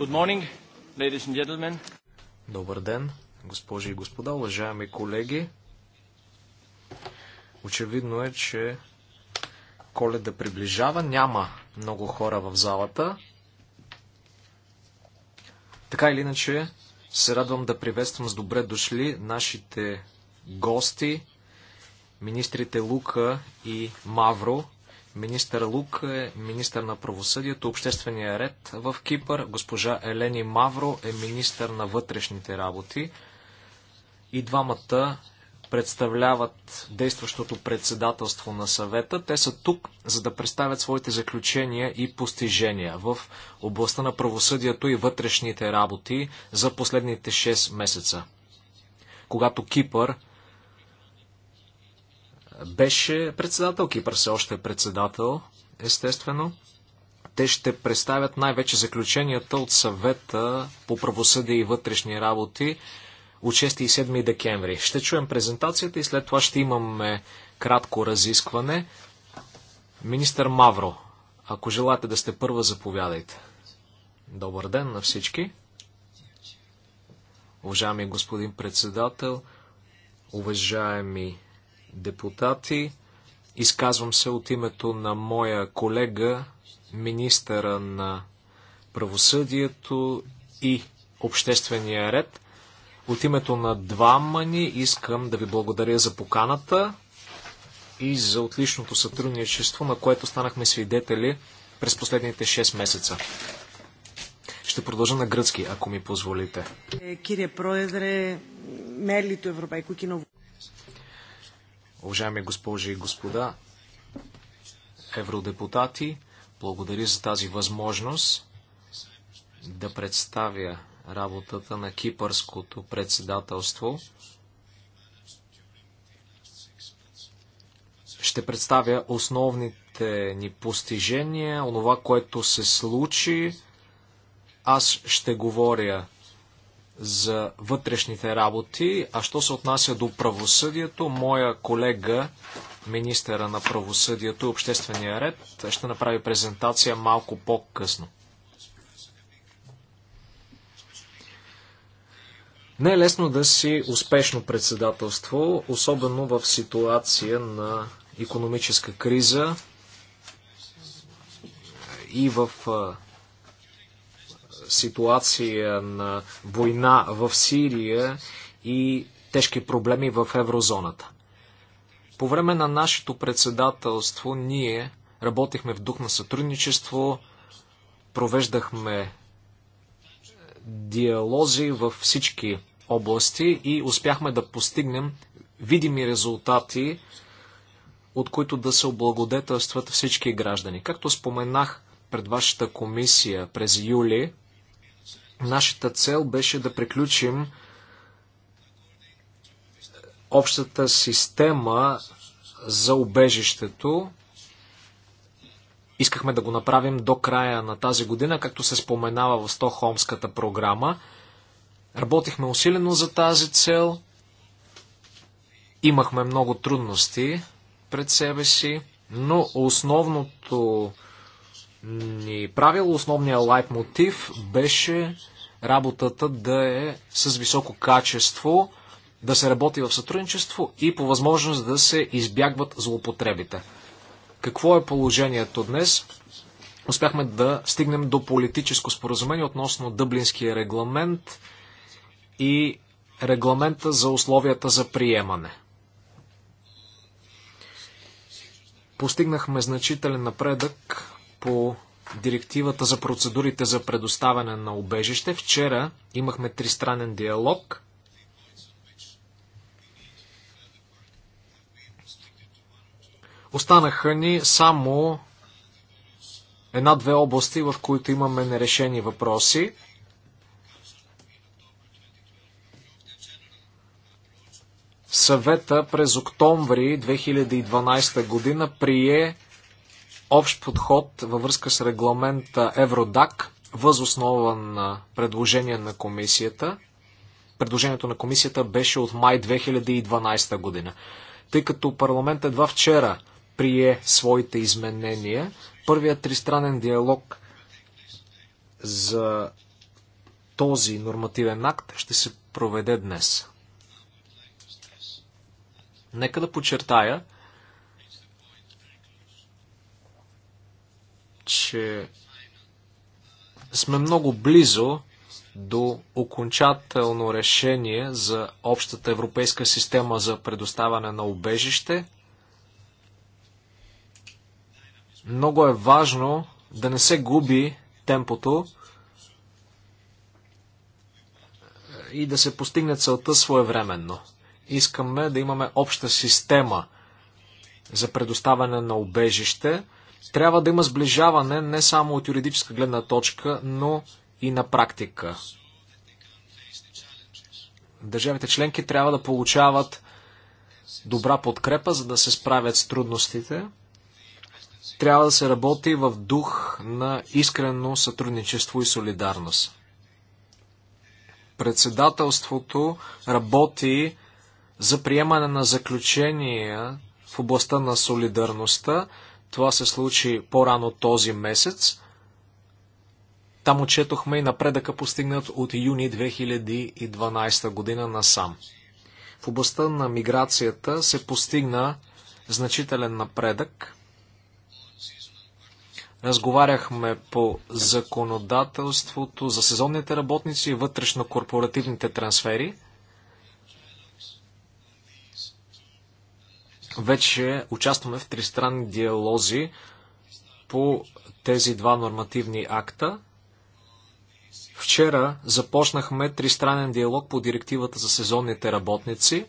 Good morning, ladies and gentlemen. Добър ден, госпожи и господа, уважаеми колеги. Очевидно е, че коледа приближава. Няма много хора в залата. Така или иначе, се радвам да приветствам с добре дошли нашите гости, министрите Лука и Мавро. Министър Лук е министър на правосъдието, обществения ред в Кипър. Госпожа Елени Мавро е министър на вътрешните работи. И двамата представляват действащото председателство на съвета. Те са тук, за да представят своите заключения и постижения в областта на правосъдието и вътрешните работи за последните 6 месеца, когато Кипър беше председател. Кипър все още е председател, естествено. Те ще представят най-вече заключенията от съвета по правосъдие и вътрешни работи от 6 и 7 декември. Ще чуем презентацията и след това ще имаме кратко разискване. Министър Мавро, ако желаете да сте първа, заповядайте. Добър ден на всички. Уважаеми господин председател, уважаеми депутати. Изказвам се от името на моя колега, министъра на правосъдието и обществения ред. От името на двама ни искам да ви благодаря за поканата и за отличното сътрудничество, на което станахме свидетели през последните 6 месеца. Ще продължа на гръцки, ако ми позволите. Е, кире Проедре, мели Европейко кино. Уважаеми госпожи и господа, евродепутати, благодаря за тази възможност да представя работата на кипърското председателство. Ще представя основните ни постижения, онова, което се случи. Аз ще говоря за вътрешните работи, а що се отнася до правосъдието, моя колега, министъра на правосъдието и обществения ред, ще направи презентация малко по-късно. Не е лесно да си успешно председателство, особено в ситуация на економическа криза и в ситуация на война в Сирия и тежки проблеми в еврозоната. По време на нашето председателство ние работихме в дух на сътрудничество, провеждахме диалози във всички области и успяхме да постигнем видими резултати, от които да се облагодетелстват всички граждани. Както споменах пред вашата комисия през юли, Нашата цел беше да приключим общата система за убежището. Искахме да го направим до края на тази година, както се споменава в Стохолмската програма. Работихме усилено за тази цел. Имахме много трудности пред себе си, но основното ни правило, основният лайт мотив беше работата да е с високо качество, да се работи в сътрудничество и по възможност да се избягват злоупотребите. Какво е положението днес? Успяхме да стигнем до политическо споразумение относно Дъблинския регламент и регламента за условията за приемане. Постигнахме значителен напредък по директивата за процедурите за предоставяне на убежище. Вчера имахме тристранен диалог. Останаха ни само една-две области, в които имаме нерешени въпроси. Съвета през октомври 2012 година прие общ подход във връзка с регламента Евродак, възоснова на предложение на комисията. Предложението на комисията беше от май 2012 година. Тъй като парламент едва вчера прие своите изменения, първият тристранен диалог за този нормативен акт ще се проведе днес. Нека да подчертая, че сме много близо до окончателно решение за общата европейска система за предоставяне на убежище. Много е важно да не се губи темпото и да се постигне целта своевременно. Искаме да имаме обща система за предоставяне на убежище, трябва да има сближаване не само от юридическа гледна точка, но и на практика. Държавите членки трябва да получават добра подкрепа, за да се справят с трудностите. Трябва да се работи в дух на искрено сътрудничество и солидарност. Председателството работи за приемане на заключения в областта на солидарността. Това се случи по-рано този месец. Там отчетохме и напредъка постигнат от юни 2012 година насам. В областта на миграцията се постигна значителен напредък. Разговаряхме по законодателството за сезонните работници и вътрешно-корпоративните трансфери. Вече участваме в тристранни диалози по тези два нормативни акта. Вчера започнахме тристранен диалог по директивата за сезонните работници.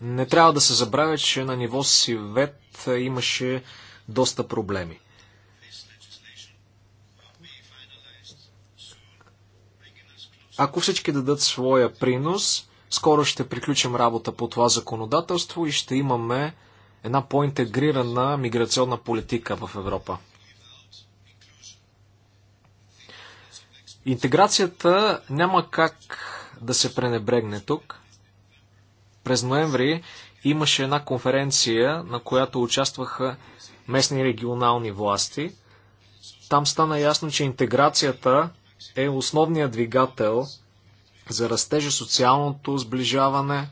Не трябва да се забравя, че на ниво си вет имаше доста проблеми. Ако всички дадат своя принос, скоро ще приключим работа по това законодателство и ще имаме една по-интегрирана миграционна политика в Европа. Интеграцията няма как да се пренебрегне тук. През ноември имаше една конференция, на която участваха местни и регионални власти. Там стана ясно, че интеграцията е основният двигател за растежа, социалното сближаване.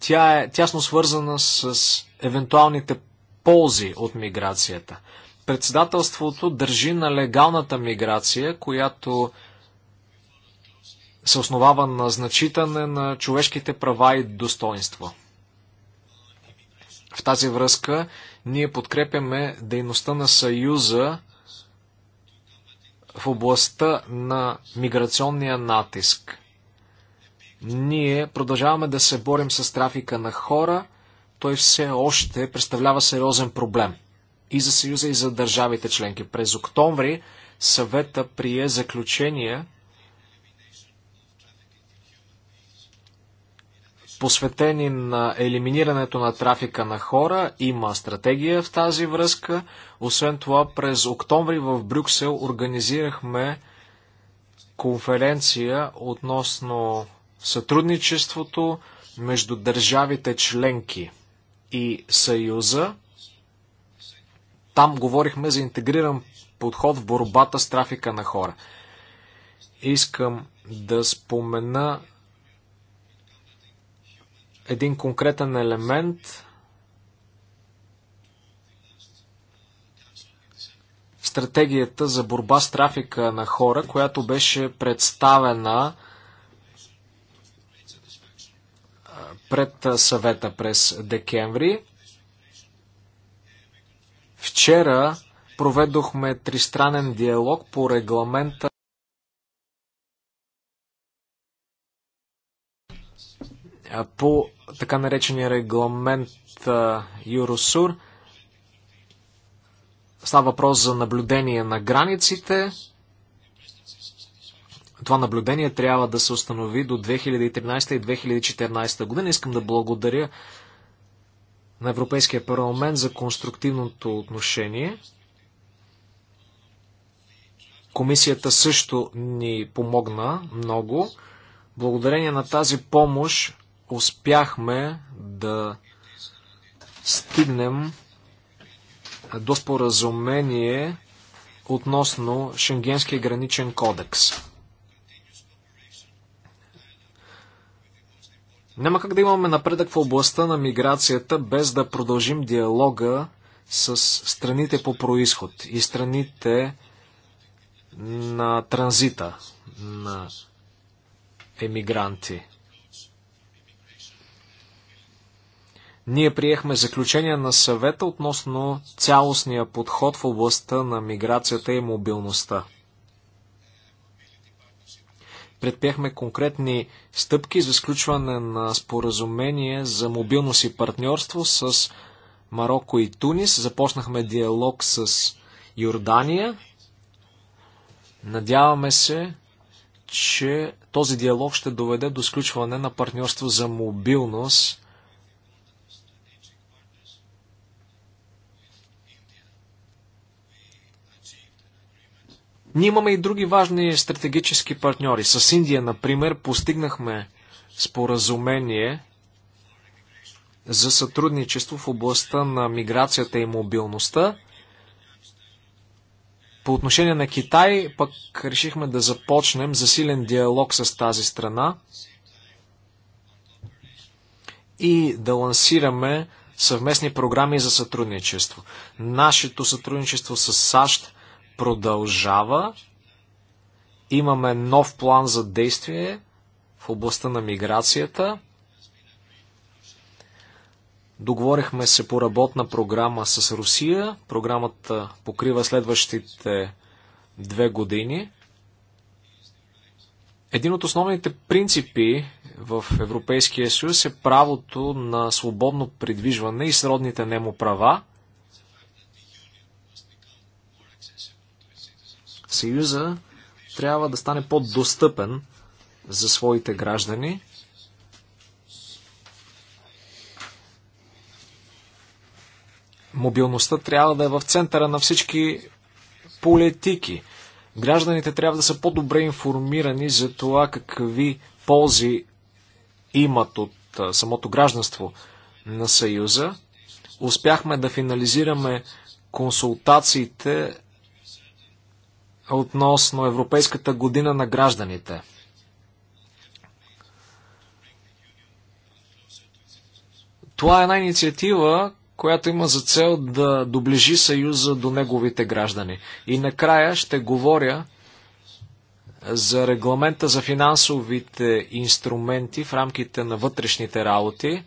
Тя е тясно свързана с евентуалните ползи от миграцията. Председателството държи на легалната миграция, която се основава на значитане на човешките права и достоинство. В тази връзка ние подкрепяме дейността на Съюза в областта на миграционния натиск. Ние продължаваме да се борим с трафика на хора. Той все още представлява сериозен проблем и за Съюза, и за държавите членки. През октомври съвета прие заключения посветени на елиминирането на трафика на хора. Има стратегия в тази връзка. Освен това, през октомври в Брюксел организирахме конференция относно сътрудничеството между държавите членки и Съюза. Там говорихме за интегриран подход в борбата с трафика на хора. Искам да спомена един конкретен елемент. Стратегията за борба с трафика на хора, която беше представена пред съвета през декември. Вчера проведохме тристранен диалог по регламента по така наречения регламент Юросур. Става въпрос за наблюдение на границите. Това наблюдение трябва да се установи до 2013 и 2014 година. Искам да благодаря на Европейския парламент за конструктивното отношение. Комисията също ни помогна много. Благодарение на тази помощ успяхме да стигнем до споразумение относно Шенгенския граничен кодекс. Няма как да имаме напредък в областта на миграцията без да продължим диалога с страните по происход и страните на транзита на емигранти. Ние приехме заключение на съвета относно цялостния подход в областта на миграцията и мобилността. Предприехме конкретни стъпки за сключване на споразумение за мобилност и партньорство с Марокко и Тунис. Започнахме диалог с Йордания. Надяваме се, че този диалог ще доведе до сключване на партньорство за мобилност Ние имаме и други важни стратегически партньори. С Индия, например, постигнахме споразумение за сътрудничество в областта на миграцията и мобилността. По отношение на Китай, пък решихме да започнем засилен диалог с тази страна и да лансираме съвместни програми за сътрудничество. Нашето сътрудничество с САЩ продължава. Имаме нов план за действие в областта на миграцията. Договорихме се по работна програма с Русия. Програмата покрива следващите две години. Един от основните принципи в Европейския съюз е правото на свободно придвижване и сродните нему права. Съюза трябва да стане по-достъпен за своите граждани. Мобилността трябва да е в центъра на всички политики. Гражданите трябва да са по-добре информирани за това какви ползи имат от самото гражданство на Съюза. Успяхме да финализираме консултациите относно Европейската година на гражданите. Това е една инициатива, която има за цел да доближи Съюза до неговите граждани. И накрая ще говоря за регламента за финансовите инструменти в рамките на вътрешните работи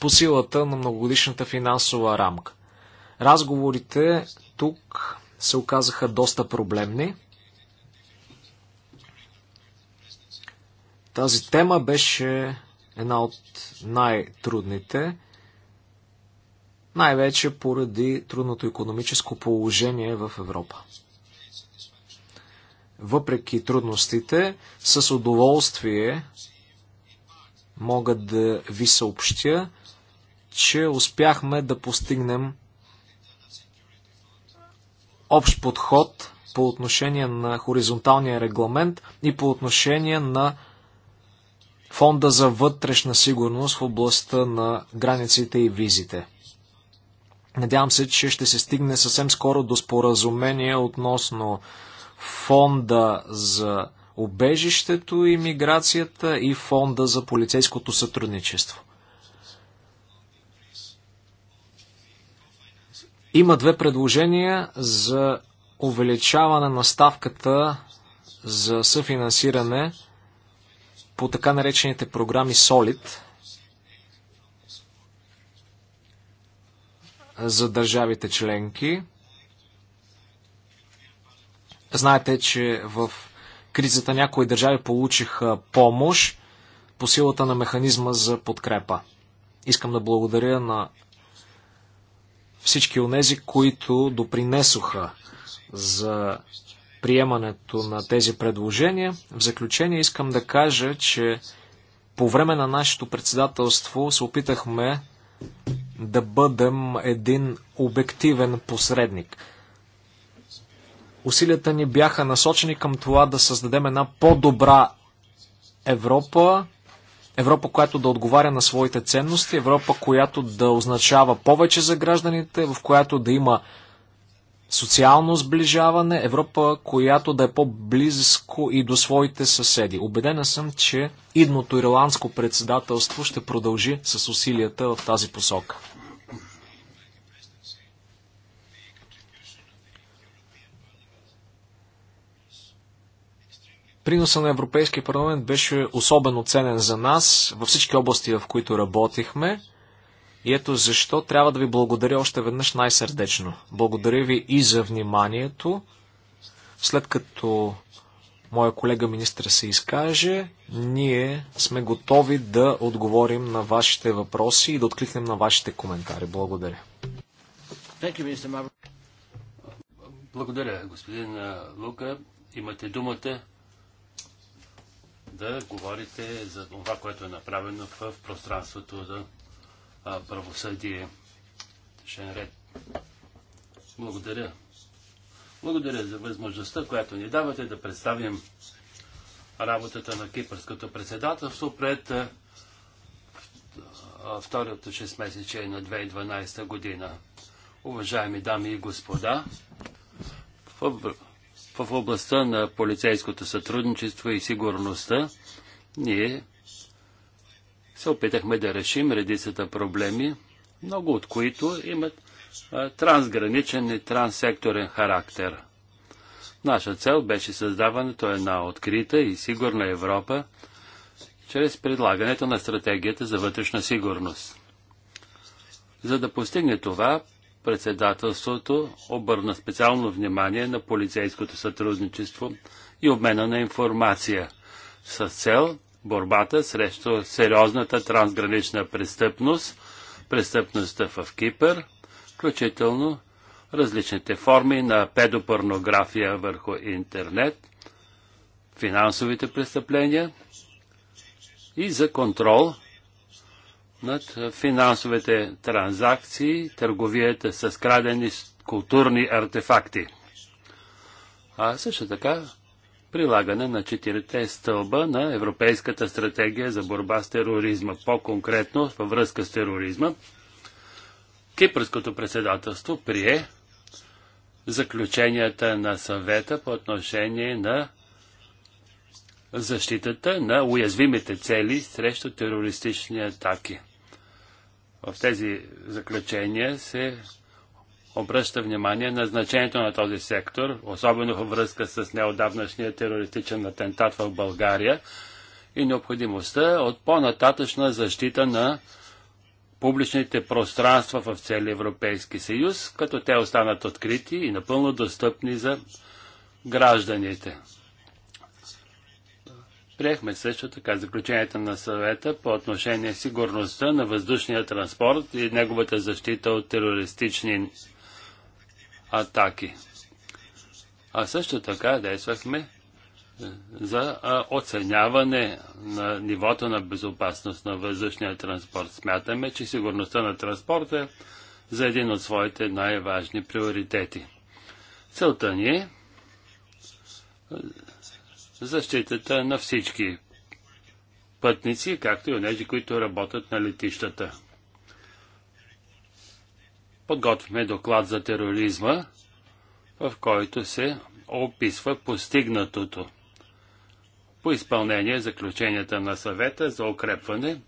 по силата на многогодишната финансова рамка. Разговорите тук се оказаха доста проблемни. Тази тема беше една от най-трудните, най-вече поради трудното економическо положение в Европа. Въпреки трудностите, с удоволствие мога да ви съобщя, че успяхме да постигнем общ подход по отношение на хоризонталния регламент и по отношение на Фонда за вътрешна сигурност в областта на границите и визите. Надявам се, че ще се стигне съвсем скоро до споразумение относно Фонда за обежището и миграцията и Фонда за полицейското сътрудничество. Има две предложения за увеличаване на ставката за съфинансиране по така наречените програми SOLID за държавите членки. Знаете, че в кризата някои държави получиха помощ по силата на механизма за подкрепа. Искам да благодаря на всички онези, които допринесоха за приемането на тези предложения. В заключение искам да кажа, че по време на нашето председателство се опитахме да бъдем един обективен посредник. Усилията ни бяха насочени към това да създадем една по-добра Европа, Европа, която да отговаря на своите ценности, Европа, която да означава повече за гражданите, в която да има социално сближаване, Европа, която да е по-близко и до своите съседи. Обедена съм, че идното ирландско председателство ще продължи с усилията в тази посока. Приноса на Европейския парламент беше особено ценен за нас във всички области, в които работихме. И ето защо трябва да ви благодаря още веднъж най-сърдечно. Благодаря ви и за вниманието. След като моя колега министр се изкаже, ние сме готови да отговорим на вашите въпроси и да откликнем на вашите коментари. Благодаря. Благодаря, господин Лука. Имате думата да говорите за това, което е направено в пространството за правосъдие. Шенред. Благодаря. Благодаря за възможността, която ни давате да представим работата на кипърското председателство пред второто 6 месече на 2012 година. Уважаеми дами и господа, във в областта на полицейското сътрудничество и сигурността ние се опитахме да решим редицата проблеми, много от които имат трансграничен и транссекторен характер. Наша цел беше създаването на открита и сигурна Европа чрез предлагането на стратегията за вътрешна сигурност. За да постигне това, председателството обърна специално внимание на полицейското сътрудничество и обмена на информация с цел борбата срещу сериозната трансгранична престъпност, престъпността в Кипър, включително различните форми на педопорнография върху интернет, финансовите престъпления и за контрол над финансовите транзакции, търговията с крадени културни артефакти. А също така прилагане на четирите стълба на Европейската стратегия за борба с тероризма. По-конкретно във връзка с тероризма, Кипърското председателство прие заключенията на съвета по отношение на защитата на уязвимите цели срещу терористични атаки. В тези заключения се обръща внимание на значението на този сектор, особено във връзка с неодавнашния терористичен атентат в България и необходимостта от по-нататъчна защита на публичните пространства в целия Европейски съюз, като те останат открити и напълно достъпни за гражданите. Приехме също така заключенията на съвета по отношение сигурността на въздушния транспорт и неговата защита от терористични атаки. А също така действахме е, за оценяване на нивото на безопасност на въздушния транспорт. Смятаме, че сигурността на транспорта е за един от своите най-важни приоритети. Целта ни е, е защитата на всички пътници, както и онези, които работят на летищата. Подготвихме доклад за тероризма, в който се описва постигнатото по изпълнение заключенията на съвета за укрепване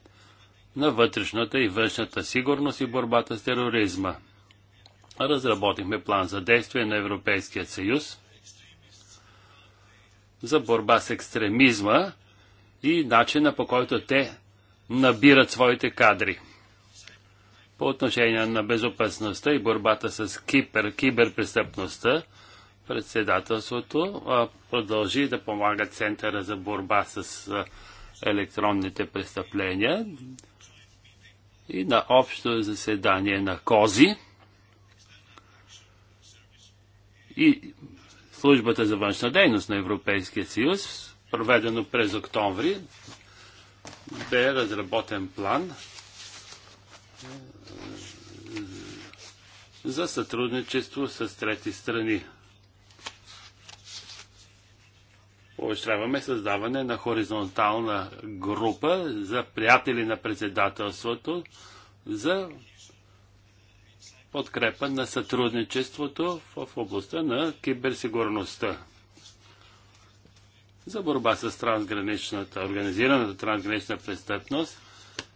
на вътрешната и външната сигурност и борбата с тероризма. Разработихме план за действие на Европейския съюз за борба с екстремизма и начина по който те набират своите кадри. По отношение на безопасността и борбата с кипер, киберпрестъпността, председателството продължи да помага Центъра за борба с електронните престъпления и на общо заседание на КОЗИ и службата за външна дейност на Европейския съюз, проведено през октомври, бе разработен план е, за сътрудничество с трети страни. Поощряваме създаване на хоризонтална група за приятели на председателството за подкрепа на сътрудничеството в областта на киберсигурността. За борба с трансграничната, организираната трансгранична престъпност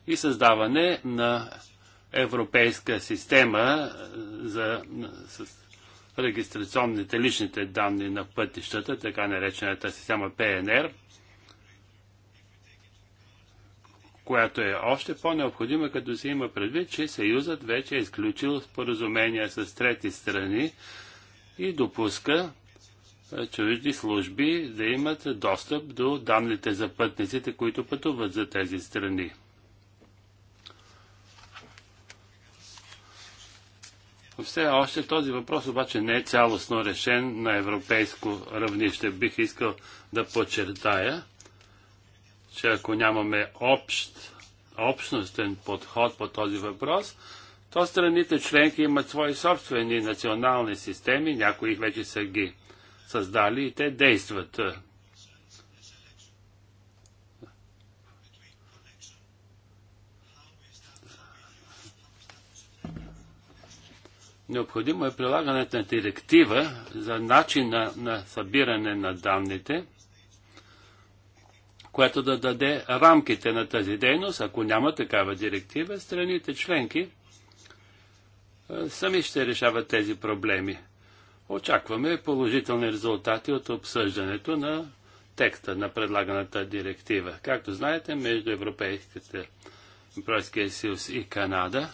и създаване на европейска система е, за с регистрационните личните данни на пътищата, така наречената система ПНР – която е още по-необходима, като се има предвид, че Съюзът вече е изключил споразумения с трети страни и допуска чужди служби да имат достъп до данните за пътниците, които пътуват за тези страни. Все още този въпрос обаче не е цялостно решен на европейско равнище. Бих искал да подчертая, че ако нямаме общ, общностен подход по този въпрос, то страните членки имат свои собствени национални системи, някои вече са ги създали и те действат. Необходимо е прилагането на директива за начина на събиране на данните – която да даде рамките на тази дейност. Ако няма такава директива, страните членки е, сами ще решават тези проблеми. Очакваме положителни резултати от обсъждането на текста на предлаганата директива. Както знаете, между Европейските Европейския съюз и Канада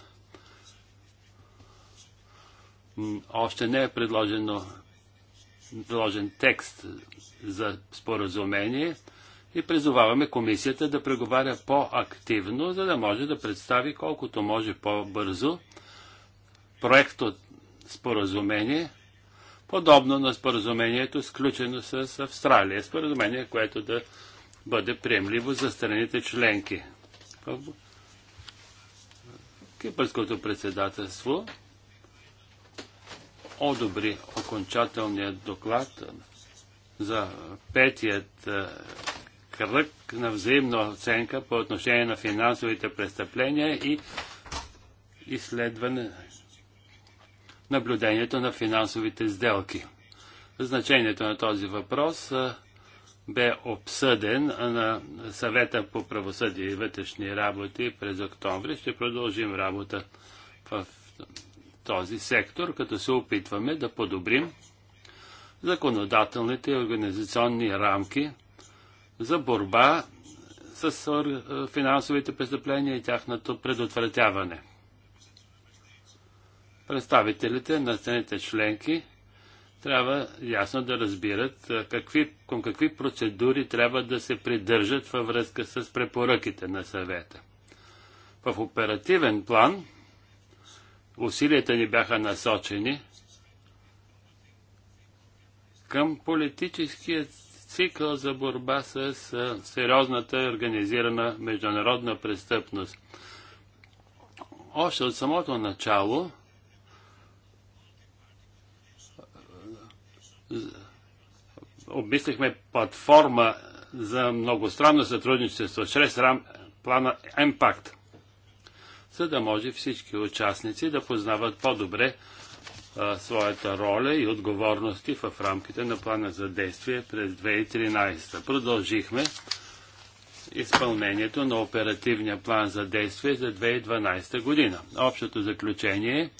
още не е предложено, предложен текст за споразумение и призоваваме комисията да преговаря по-активно, за да може да представи колкото може по-бързо проект от споразумение, подобно на споразумението, сключено с Австралия. Споразумение, което да бъде приемливо за страните членки. Кипърското председателство одобри окончателният доклад за петият кръг на взаимна оценка по отношение на финансовите престъпления и изследване наблюдението на финансовите сделки. Значението на този въпрос бе обсъден на съвета по правосъдие и вътрешни работи през октомври. Ще продължим работа в този сектор, като се опитваме да подобрим законодателните и организационни рамки за борба с финансовите престъпления и тяхното предотвратяване. Представителите на страните членки трябва ясно да разбират какви, към какви процедури трябва да се придържат във връзка с препоръките на съвета. В оперативен план усилията ни бяха насочени към политическият цикъл за борба с сериозната организирана международна престъпност. Още от самото начало обмислихме платформа за многостранно сътрудничество чрез рам, плана Емпакт, за да може всички участници да познават по-добре а, своята роля и отговорности в рамките на плана за действие през 2013. Продължихме изпълнението на оперативния план за действие за 2012 година. Общото заключение е,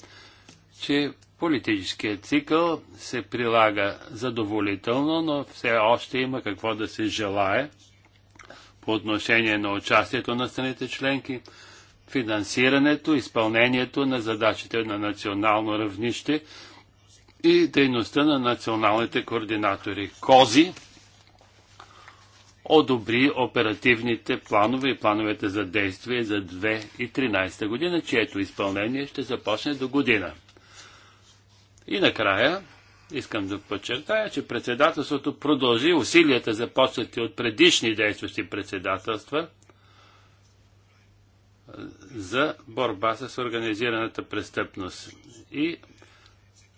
че политическият цикъл се прилага задоволително, но все още има какво да се желае по отношение на участието на страните членки, финансирането, изпълнението на задачите на национално равнище и дейността на националните координатори. Кози одобри оперативните планове и плановете за действие за 2013 година, чието изпълнение ще започне до година. И накрая искам да подчертая, че председателството продължи усилията започнати от предишни действащи председателства за борба с организираната престъпност и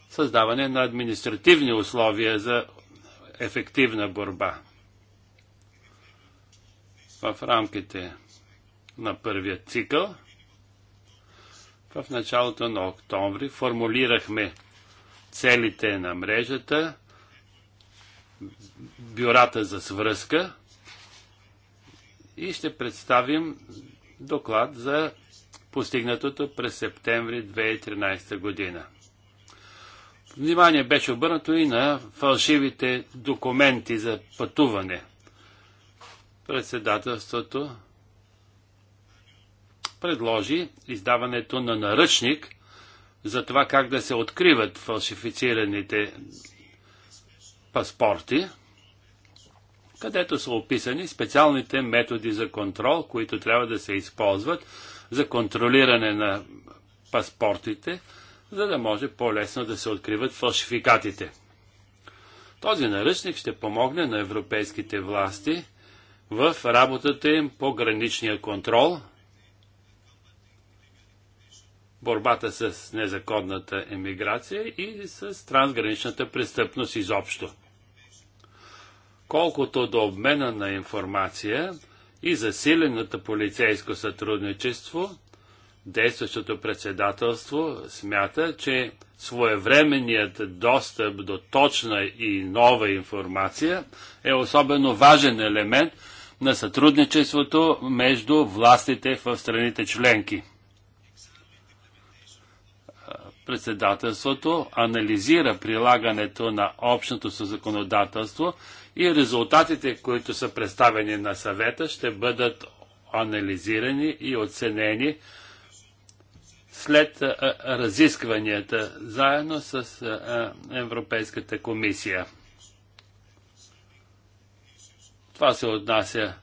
създаване на административни условия за ефективна борба. В рамките на първия цикъл, в началото на октомври, формулирахме целите на мрежата, бюрата за свръзка и ще представим доклад за постигнатото през септември 2013 година. Внимание беше обърнато и на фалшивите документи за пътуване. Председателството предложи издаването на наръчник за това как да се откриват фалшифицираните паспорти, където са описани специалните методи за контрол, които трябва да се използват за контролиране на паспортите, за да може по-лесно да се откриват фалшификатите. Този наръчник ще помогне на европейските власти в работата им по граничния контрол, борбата с незаконната емиграция и с трансграничната престъпност изобщо. Колкото до обмена на информация, и засиленото полицейско сътрудничество, действащото председателство смята, че своевременният достъп до точна и нова информация е особено важен елемент на сътрудничеството между властите в страните членки. Председателството анализира прилагането на общото законодателство и резултатите, които са представени на съвета, ще бъдат анализирани и оценени след разискванията заедно с Европейската комисия. Това се отнася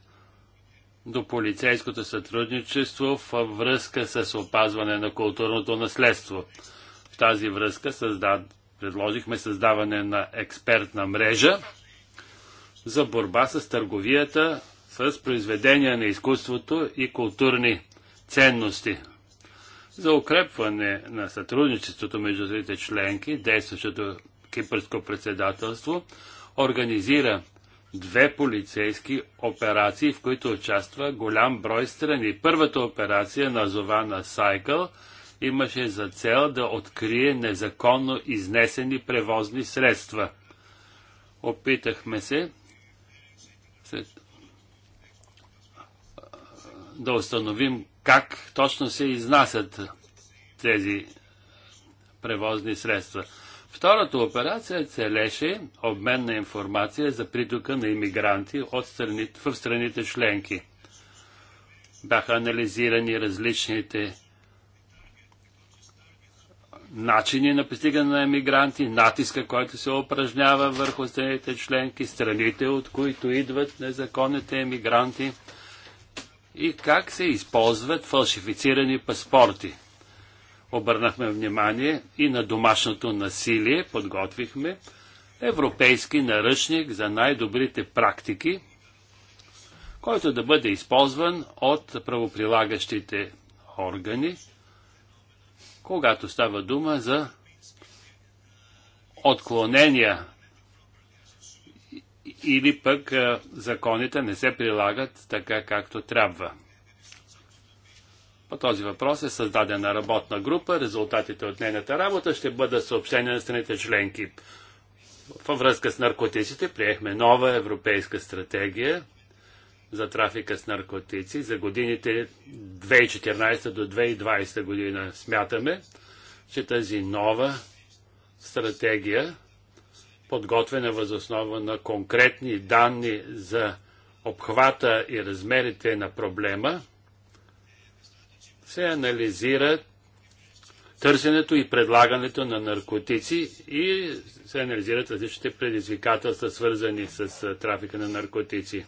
до полицейското сътрудничество във връзка с опазване на културното наследство. В тази връзка създад... предложихме създаване на експертна мрежа, за борба с търговията с произведения на изкуството и културни ценности. За укрепване на сътрудничеството между двете членки, действащото кипърско председателство организира две полицейски операции, в които участва голям брой страни. Първата операция, назована САйкъл, имаше за цел да открие незаконно изнесени превозни средства. Опитахме се да установим как точно се изнасят тези превозни средства. Втората операция целеше обмен на информация за притока на иммигранти от страни, в страните членки. Бяха анализирани различните начини на пристигане на емигранти, натиска, който се упражнява върху страните членки, страните, от които идват незаконните емигранти – и как се използват фалшифицирани паспорти. Обърнахме внимание и на домашното насилие, подготвихме европейски наръчник за най-добрите практики, който да бъде използван от правоприлагащите органи, когато става дума за отклонения или пък законите не се прилагат така както трябва. По този въпрос е създадена работна група. Резултатите от нейната работа ще бъдат съобщени на страните членки. Във връзка с наркотиците приехме нова европейска стратегия за трафика с наркотици за годините 2014 до 2020 година. Смятаме, че тази нова стратегия подготвена възоснова на конкретни данни за обхвата и размерите на проблема, се анализира търсенето и предлагането на наркотици и се анализират различните предизвикателства, свързани с трафика на наркотици.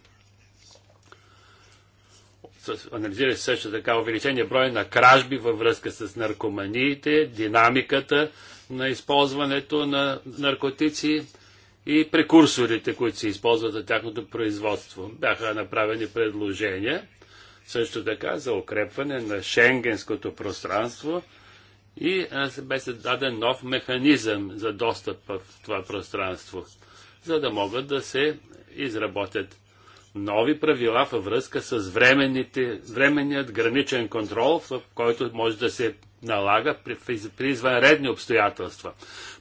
Анализира се също така увеличение броя на кражби във връзка с наркоманиите, динамиката, на използването на наркотици и прекурсорите, които се използват за тяхното производство. Бяха направени предложения също така за укрепване на шенгенското пространство и бе създаден нов механизъм за достъп в това пространство, за да могат да се изработят нови правила във връзка с временният граничен контрол, в който може да се налага при, при извънредни обстоятелства.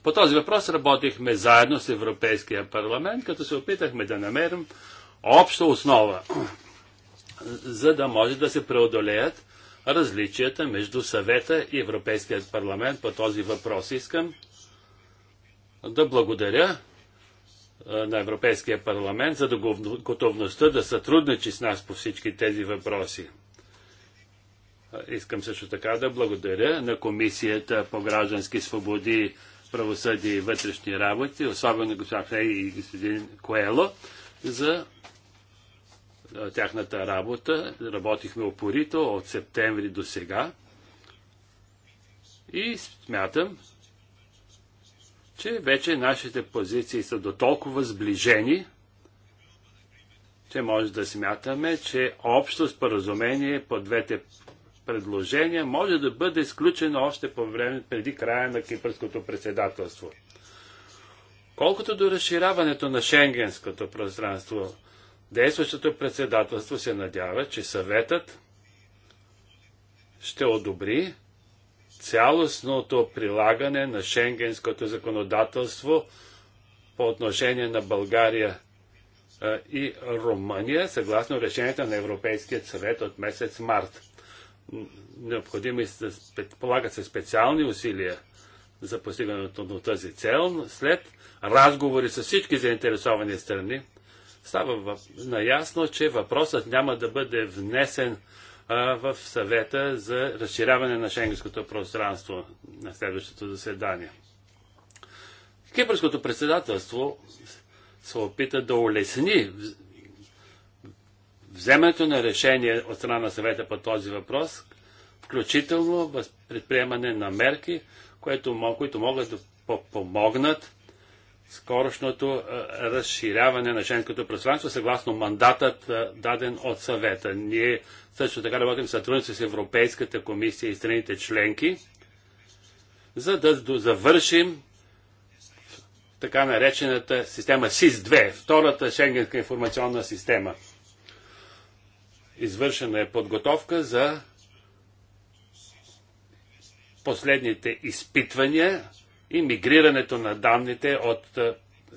По този въпрос работихме заедно с Европейския парламент, като се опитахме да намерим обща основа, за да може да се преодолеят различията между съвета и Европейският парламент по този въпрос. Искам да благодаря на Европейския парламент за готовността да сътрудничи с нас по всички тези въпроси. Искам също така да благодаря на Комисията по граждански свободи, правосъдие и вътрешни работи, особено господин и господин Коело, за тяхната работа. Работихме опорито от септември до сега и смятам, че вече нашите позиции са до толкова сближени, че може да смятаме, че общо споразумение по двете предложения може да бъде изключено още по време преди края на кипърското председателство. Колкото до разширяването на шенгенското пространство, действащото председателство се надява, че съветът ще одобри цялостното прилагане на шенгенското законодателство по отношение на България и Румъния, съгласно решението на Европейския съвет от месец март. Необходими се, полагат се специални усилия за постигането на тази цел. След разговори с всички заинтересовани страни, става наясно, че въпросът няма да бъде внесен в съвета за разширяване на шенгенското пространство на следващото заседание. Кипърското председателство се опита да улесни вземането на решение от страна на съвета по този въпрос, включително предприемане на мерки, които могат да помогнат скорошното е, разширяване на женското пространство съгласно мандатът е, даден от съвета. Ние също така работим сътрудници с Европейската комисия и страните членки, за да завършим така наречената система СИС-2, втората шенгенска информационна система. Извършена е подготовка за последните изпитвания и мигрирането на данните от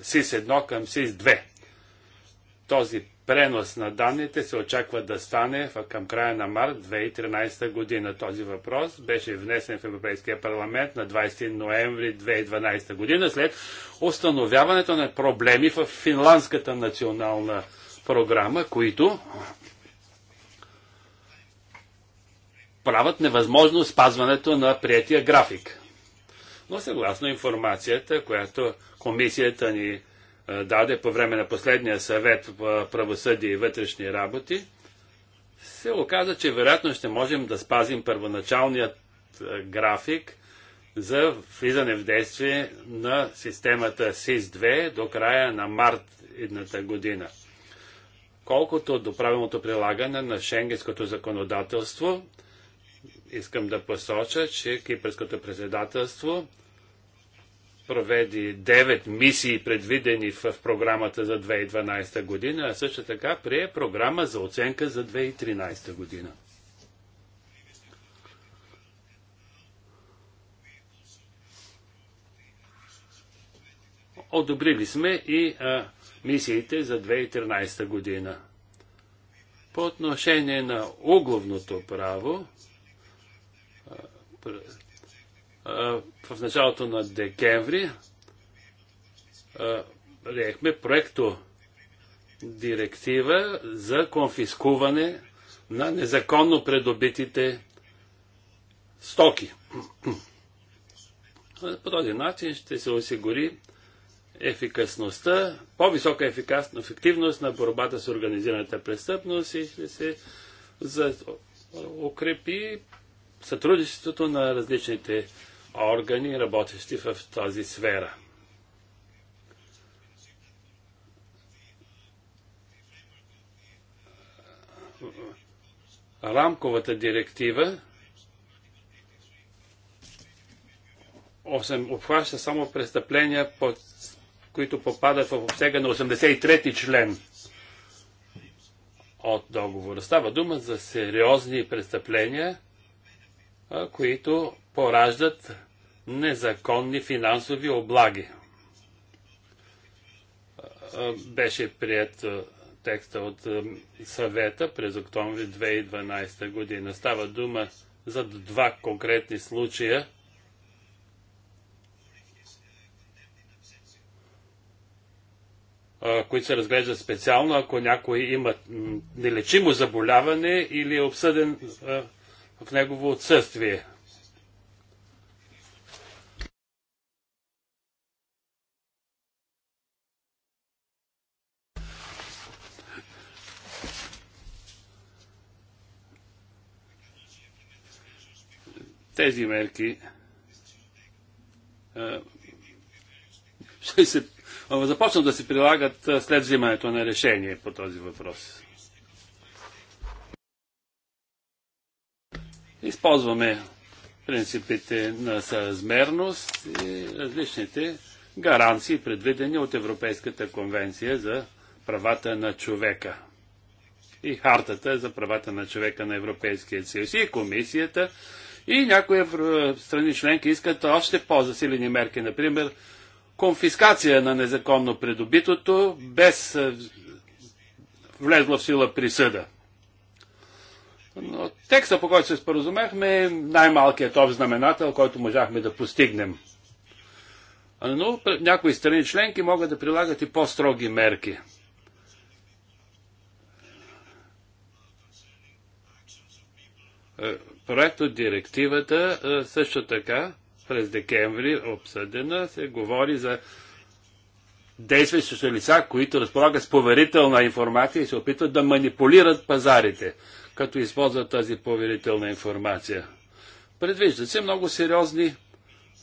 SIS-1 е, към SIS-2. Този пренос на данните се очаква да стане към края на март 2013 година. Този въпрос беше внесен в Европейския парламент на 20 ноември 2012 година след установяването на проблеми в финландската национална програма, които правят невъзможно спазването на приятия график но съгласно информацията, която комисията ни е, даде по време на последния съвет по правосъдие и вътрешни работи, се оказа, че вероятно ще можем да спазим първоначалният е, график за влизане в действие на системата СИС-2 до края на март едната година. Колкото до правилното прилагане на шенгенското законодателство, Искам да посоча, че Кипърското председателство проведи 9 мисии, предвидени в програмата за 2012 година, а също така прие програма за оценка за 2013 година. Одобрили сме и а, мисиите за 2013 година. По отношение на угловното право, в началото на декември приехме проекто директива за конфискуване на незаконно предобитите стоки. По този начин ще се осигури ефикасността, по-висока ефективност на борбата с организираната престъпност и ще се за, укрепи сътрудничеството на различните органи, работещи в тази сфера. Рамковата директива обхваща само престъпления, които попадат в обсега на 83-ти член от договора. Става дума за сериозни престъпления – които пораждат незаконни финансови облаги. Беше прият текста от съвета през октомври 2012 година. Става дума за два конкретни случая. които се разглеждат специално, ако някой има нелечимо заболяване или е обсъден в негово отсъствие. Тези мерки ще се започнат да се прилагат след взимането на решение по този въпрос. Използваме принципите на съразмерност и различните гаранции, предвидени от Европейската конвенция за правата на човека и хартата за правата на човека на Европейския съюз и комисията и някои страни членки искат още по-засилени мерки, например конфискация на незаконно придобитото без влезла в сила присъда. Но текста, по който се споразумехме, е най-малкият общ знаменател, който можахме да постигнем. Но някои страни членки могат да прилагат и по-строги мерки. Е, Проект от директивата е, също така през декември обсъдена се говори за действащите лица, които разполагат с поверителна информация и се опитват да манипулират пазарите като използват тази поверителна информация. Предвиждат се много сериозни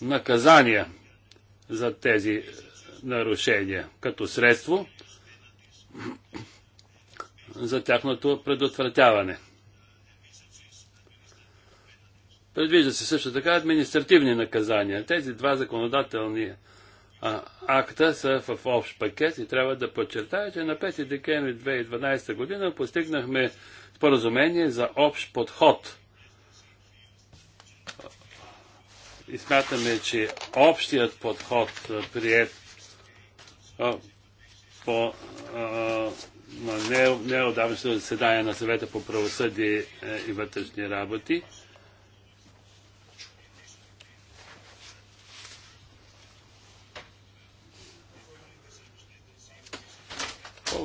наказания за тези нарушения като средство за тяхното предотвратяване. Предвижда се също така административни наказания. Тези два законодателни а, акта са в общ пакет и трябва да подчертая, че на 5 декември 2012 година постигнахме споразумение за общ подход. И смятаме, че общият подход, прият по на неодавнашното заседание на съвета по правосъдие е, и вътрешни работи,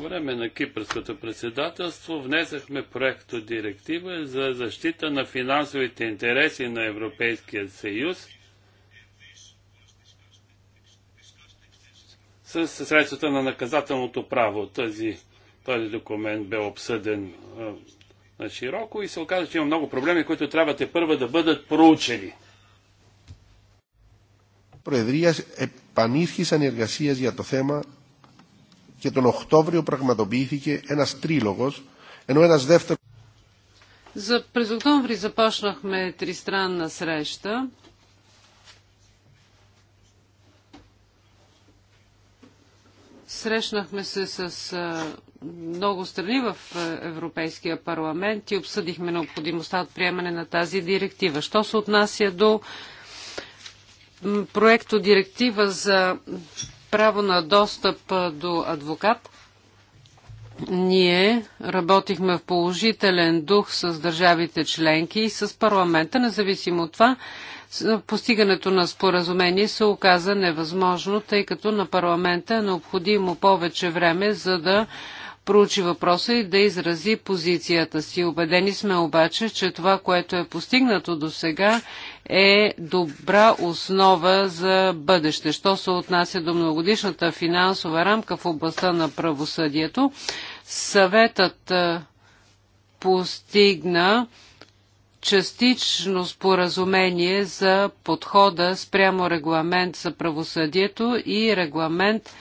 време на кипърското председателство внесахме проекто директива за защита на финансовите интереси на Европейския съюз с средствата на наказателното право. Тази, този документ бе обсъден на широко и се оказа, че има много проблеми, които трябва те първа да бъдат проучени. Проедрия е панирхи για το θέμα και τον Οκτώβριο πραγματοποιήθηκε ένας τρίλογος, ενώ ένας δεύτερος... За, през октомври започнахме тристранна среща. Срещнахме се с а, много страни в Европейския парламент и обсъдихме необходимостта от приемане на тази директива. Що се отнася до проекто директива за право на достъп до адвокат, ние работихме в положителен дух с държавите членки и с парламента. Независимо от това, постигането на споразумение се оказа невъзможно, тъй като на парламента е необходимо повече време, за да проучи въпроса и да изрази позицията си. Обедени сме обаче, че това, което е постигнато до сега, е добра основа за бъдеще. Що се отнася до многодишната финансова рамка в областта на правосъдието, съветът е, постигна частично споразумение за подхода спрямо регламент за правосъдието и регламент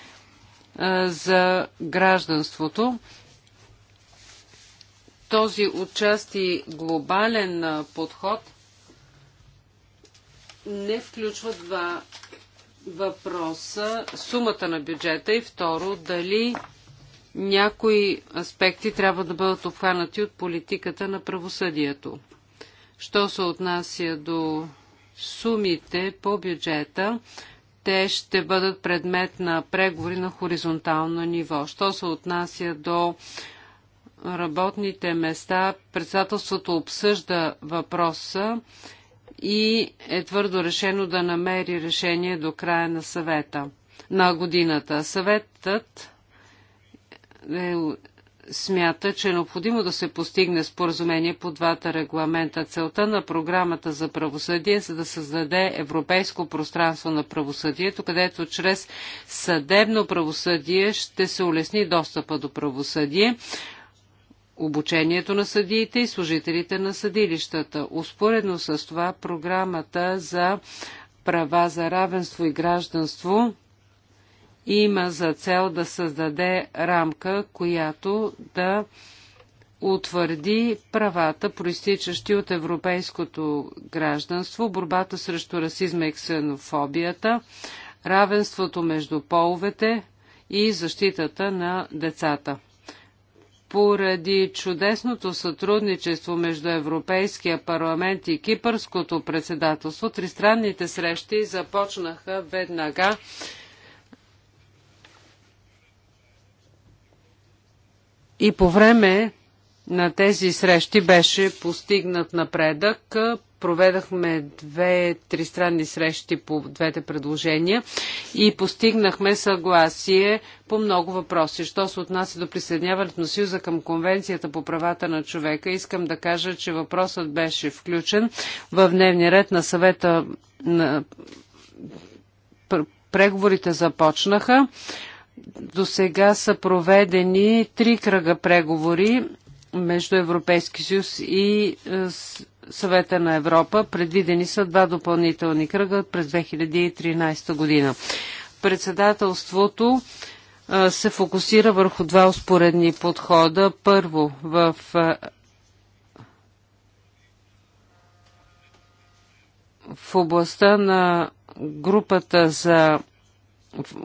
за гражданството. Този отчасти глобален подход не включва два въпроса. Сумата на бюджета и второ, дали някои аспекти трябва да бъдат обхванати от политиката на правосъдието. Що се отнася до сумите по бюджета, те ще бъдат предмет на преговори на хоризонтално ниво. Що се отнася до работните места, председателството обсъжда въпроса и е твърдо решено да намери решение до края на съвета на годината. Съветът е смята, че е необходимо да се постигне споразумение по двата регламента. Целта на програмата за правосъдие е за да създаде европейско пространство на правосъдието, където чрез съдебно правосъдие ще се улесни достъпа до правосъдие обучението на съдиите и служителите на съдилищата. Успоредно с това програмата за права за равенство и гражданство има за цел да създаде рамка, която да утвърди правата, проистичащи от европейското гражданство, борбата срещу расизма и ксенофобията, равенството между половете и защитата на децата. Поради чудесното сътрудничество между Европейския парламент и Кипърското председателство, тристранните срещи започнаха веднага И по време на тези срещи беше постигнат напредък. Проведахме две тристранни срещи по двете предложения и постигнахме съгласие по много въпроси. Що се отнася до присъединяването на Съюза към Конвенцията по правата на човека, искам да кажа, че въпросът беше включен в дневния ред на съвета на преговорите започнаха. До сега са проведени три кръга преговори между Европейски съюз и е, Съвета на Европа. Предвидени са два допълнителни кръга през 2013 година. Председателството е, се фокусира върху два успоредни подхода. Първо, в е, в областта на групата за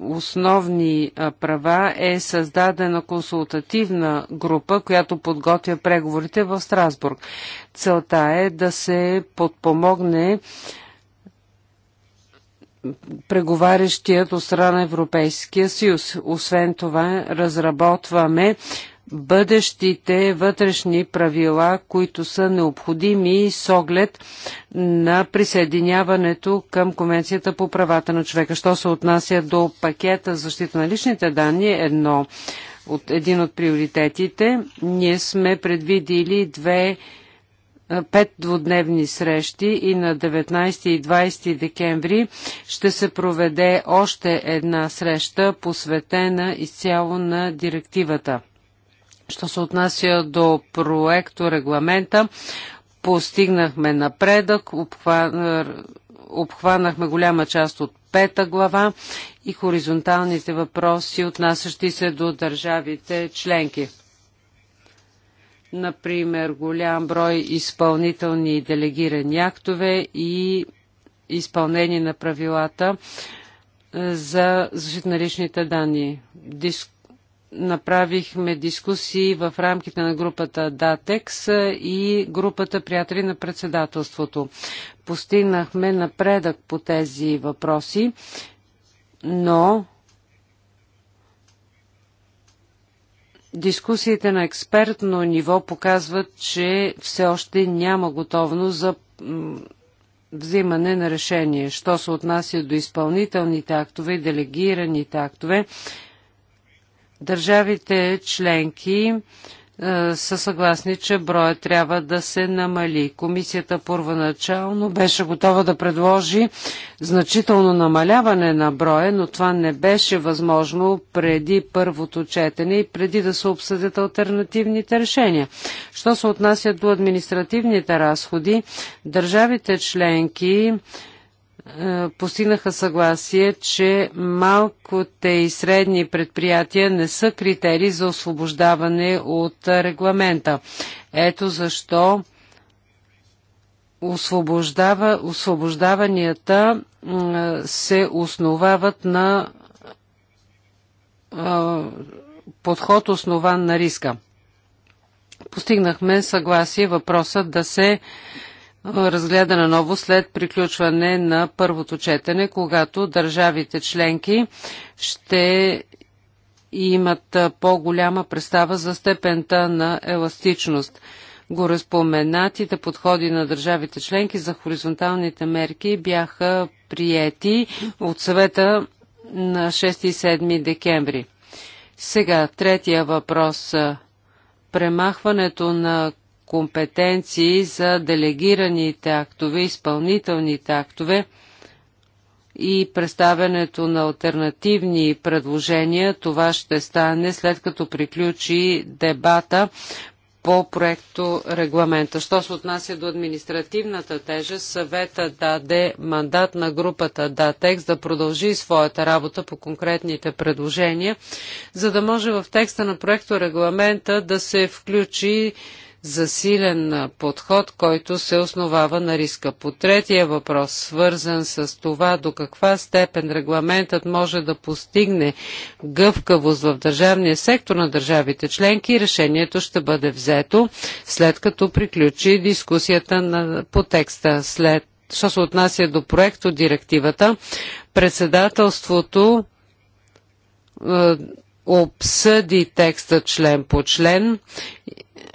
основни права е създадена консултативна група, която подготвя преговорите в Страсбург. Целта е да се подпомогне преговарящият от страна Европейския съюз. Освен това, разработваме бъдещите вътрешни правила, които са необходими с оглед на присъединяването към Конвенцията по правата на човека. Що се отнася до пакета защита на личните данни, едно от един от приоритетите, ние сме предвидили две пет двудневни срещи и на 19 и 20 декември ще се проведе още една среща, посветена изцяло на директивата. Що се отнася до проекто регламента, постигнахме напредък, обхванахме голяма част от пета глава и хоризонталните въпроси, отнасящи се до държавите членки. Например, голям брой изпълнителни и делегирани актове и изпълнение на правилата е, за защита на личните данни. Диск направихме дискусии в рамките на групата ДАТЕКС и групата Приятели на председателството. Постигнахме напредък по тези въпроси, но дискусиите на експертно ниво показват, че все още няма готовност за взимане на решение. Що се отнася до изпълнителните актове и делегираните актове, Държавите членки е, са съгласни, че броя трябва да се намали. Комисията първоначално беше готова да предложи значително намаляване на броя, но това не беше възможно преди първото четене и преди да се обсъдят альтернативните решения. Що се отнася до административните разходи, държавите членки е, постигнаха съгласие, че малките и средни предприятия не са критерии за освобождаване от регламента. Ето защо освобождава, освобождаванията се основават на подход основан на риска. Постигнахме съгласие въпросът да се разгледа на ново след приключване на първото четене, когато държавите членки ще имат по-голяма представа за степента на еластичност. Гореспоменатите подходи на държавите членки за хоризонталните мерки бяха приети от съвета на 6 и 7 декември. Сега третия въпрос. Премахването на компетенции за делегираните актове, изпълнителните актове и представянето на альтернативни предложения. Това ще стане след като приключи дебата по проекто регламента. Що се отнася до административната тежа, съвета даде мандат на групата ДАТЕКС да продължи своята работа по конкретните предложения, за да може в текста на проекто регламента да се включи засилен подход, който се основава на риска. По третия въпрос, свързан с това до каква степен регламентът може да постигне гъвкавост в държавния сектор на държавите членки, решението ще бъде взето след като приключи дискусията на, по текста след Що се отнася до проекто директивата, председателството обсъди текста член по член.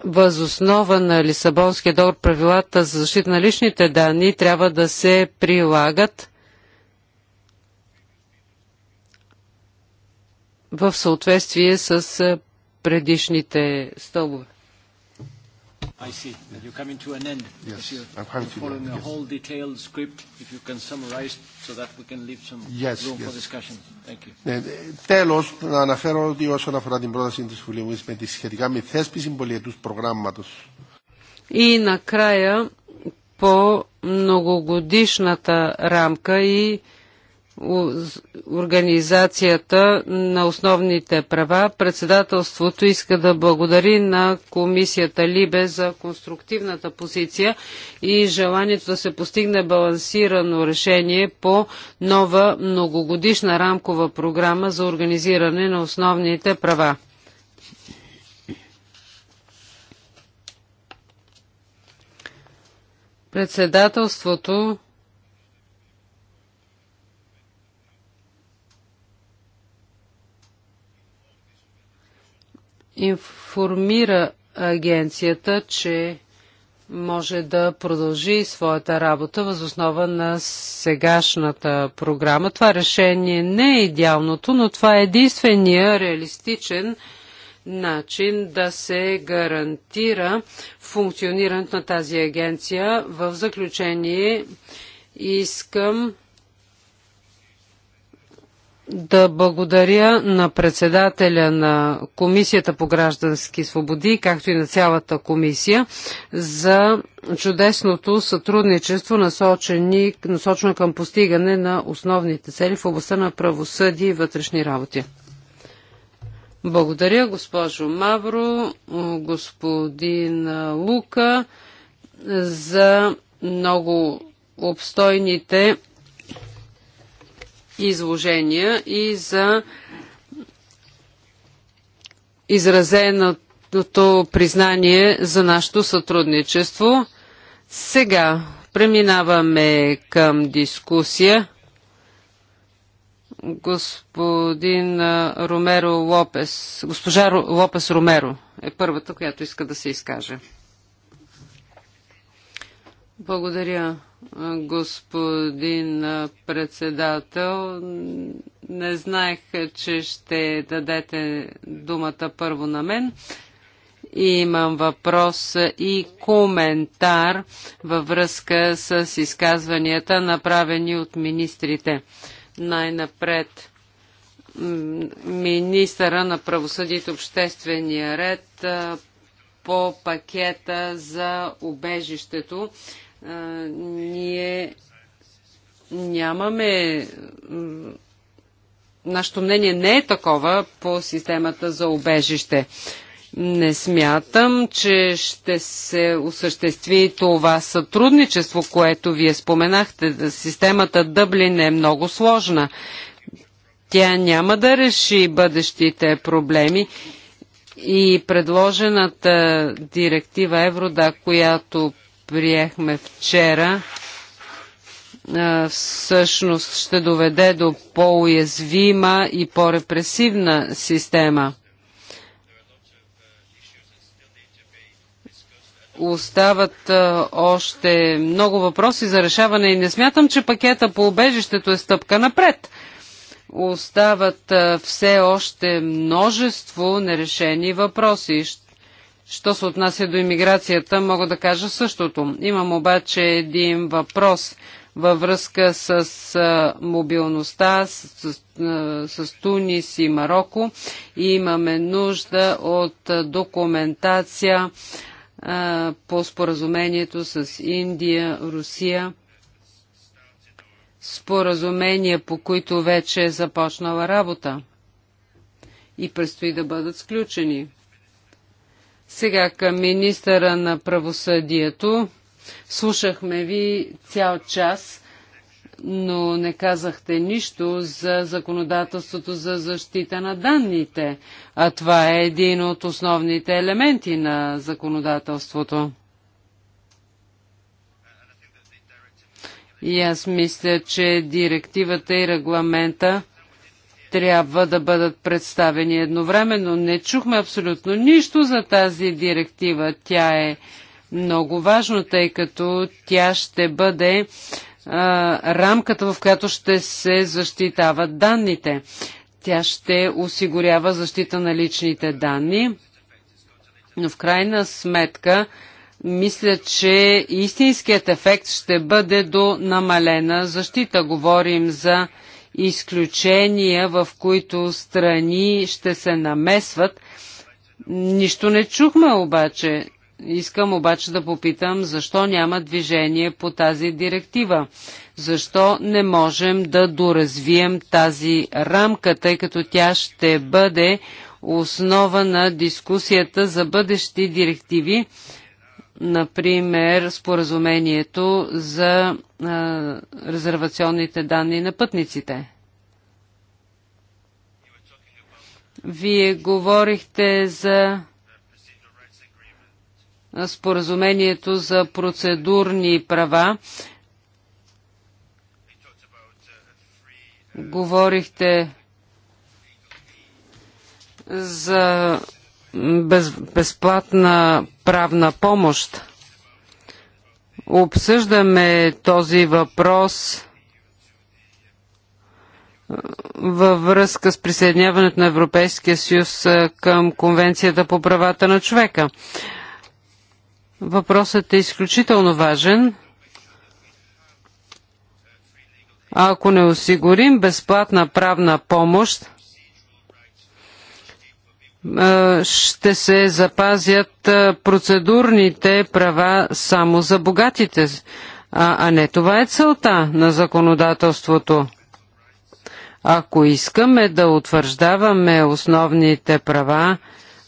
Възоснова на Лисабонския договор правилата за защита на личните данни трябва да се прилагат в съответствие с предишните стълбове. I see Yes. you're coming to an end. Yes, I'm coming you're following to a yes. whole detailed script. If you can summarize so that we can leave some yes, room yes. for discussion. Thank you. Ε, τέλος, να αναφέρω ότι όσον αφορά την πρόταση της Φουλίμουης με τη σχετικά με θέσπιση πολιετούς προγράμματος. И накрая по многогодишната рамка и Организацията на основните права. Председателството иска да благодари на комисията Либе за конструктивната позиция и желанието да се постигне балансирано решение по нова многогодишна рамкова програма за организиране на основните права. Председателството информира агенцията, че може да продължи своята работа въз основа на сегашната програма. Това решение не е идеалното, но това е единствения реалистичен начин да се гарантира функционирането на тази агенция. В заключение искам да благодаря на председателя на Комисията по граждански свободи, както и на цялата комисия, за чудесното сътрудничество, насочени, насочено към постигане на основните цели в областта на правосъдие и вътрешни работи. Благодаря, госпожо Мавро, господин Лука, за много обстойните изложения и за изразеното признание за нашето сътрудничество. Сега преминаваме към дискусия. Господин Ромеро Лопес, госпожа Лопес Ромеро е първата, която иска да се изкаже. Благодаря, господин председател. Не знаех, че ще дадете думата първо на мен. имам въпрос и коментар във връзка с изказванията, направени от министрите. Най-напред министъра на правосъдието обществения ред по пакета за убежището а, ние нямаме. Нашето мнение не е такова по системата за обежище. Не смятам, че ще се осъществи това сътрудничество, което вие споменахте. Системата Дъблин е много сложна. Тя няма да реши бъдещите проблеми и предложената директива Еврода, която приехме вчера, всъщност ще доведе до по-уязвима и по-репресивна система. Остават още много въпроси за решаване и не смятам, че пакета по убежището е стъпка напред. Остават все още множество нерешени въпроси. Ще Що се отнася до иммиграцията, мога да кажа същото. Имам обаче един въпрос във връзка с мобилността, с, с, с Тунис и Марокко. И имаме нужда от документация а, по споразумението с Индия, Русия. Споразумения, по които вече е започнала работа и предстои да бъдат сключени. Сега към министъра на правосъдието. Слушахме ви цял час, но не казахте нищо за законодателството за защита на данните, а това е един от основните елементи на законодателството. И аз мисля, че директивата и регламента трябва да бъдат представени едновременно. Не чухме абсолютно нищо за тази директива. Тя е много важна, тъй като тя ще бъде а, рамката, в която ще се защитават данните. Тя ще осигурява защита на личните данни, но в крайна сметка мисля, че истинският ефект ще бъде до намалена защита. Говорим за изключения, в които страни ще се намесват. Нищо не чухме обаче. Искам обаче да попитам, защо няма движение по тази директива? Защо не можем да доразвием тази рамка, тъй като тя ще бъде основа на дискусията за бъдещи директиви, Например, споразумението за а, резервационните данни на пътниците. Вие говорихте за споразумението за процедурни права. Говорихте за без, безплатна правна помощ. Обсъждаме този въпрос във връзка с присъединяването на Европейския съюз към Конвенцията по правата на човека. Въпросът е изключително важен. ако не осигурим безплатна правна помощ, ще се запазят процедурните права само за богатите. А, а не това е целта на законодателството. Ако искаме да утвърждаваме основните права,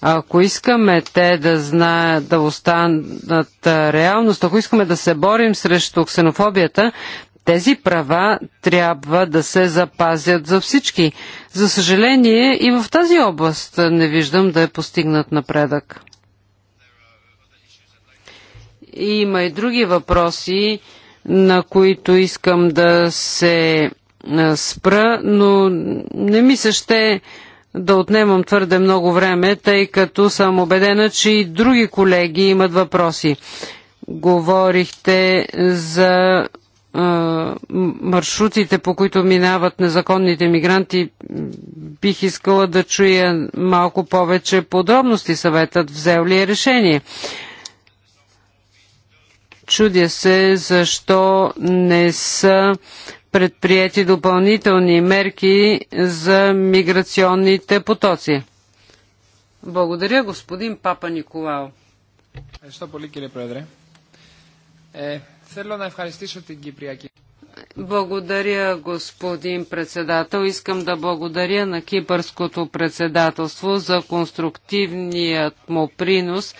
ако искаме те да знаят, да останат реалност, ако искаме да се борим срещу ксенофобията, тези права трябва да се запазят за всички. За съжаление и в тази област не виждам да е постигнат напредък. И има и други въпроси, на които искам да се спра, но не ми се ще да отнемам твърде много време, тъй като съм убедена, че и други колеги имат въпроси. Говорихте за маршрутите, по които минават незаконните мигранти, бих искала да чуя малко повече подробности. Съветът взел ли е решение? Чудя се защо не са предприяти допълнителни мерки за миграционните потоци. Благодаря, господин Папа Николао. Благодаря, господин κύριε Θέλω να ευχαριστήσω την Κυπριακή. Благодаря, господин председател. Искам да благодаря на Кипърското председателство за конструктивният му принос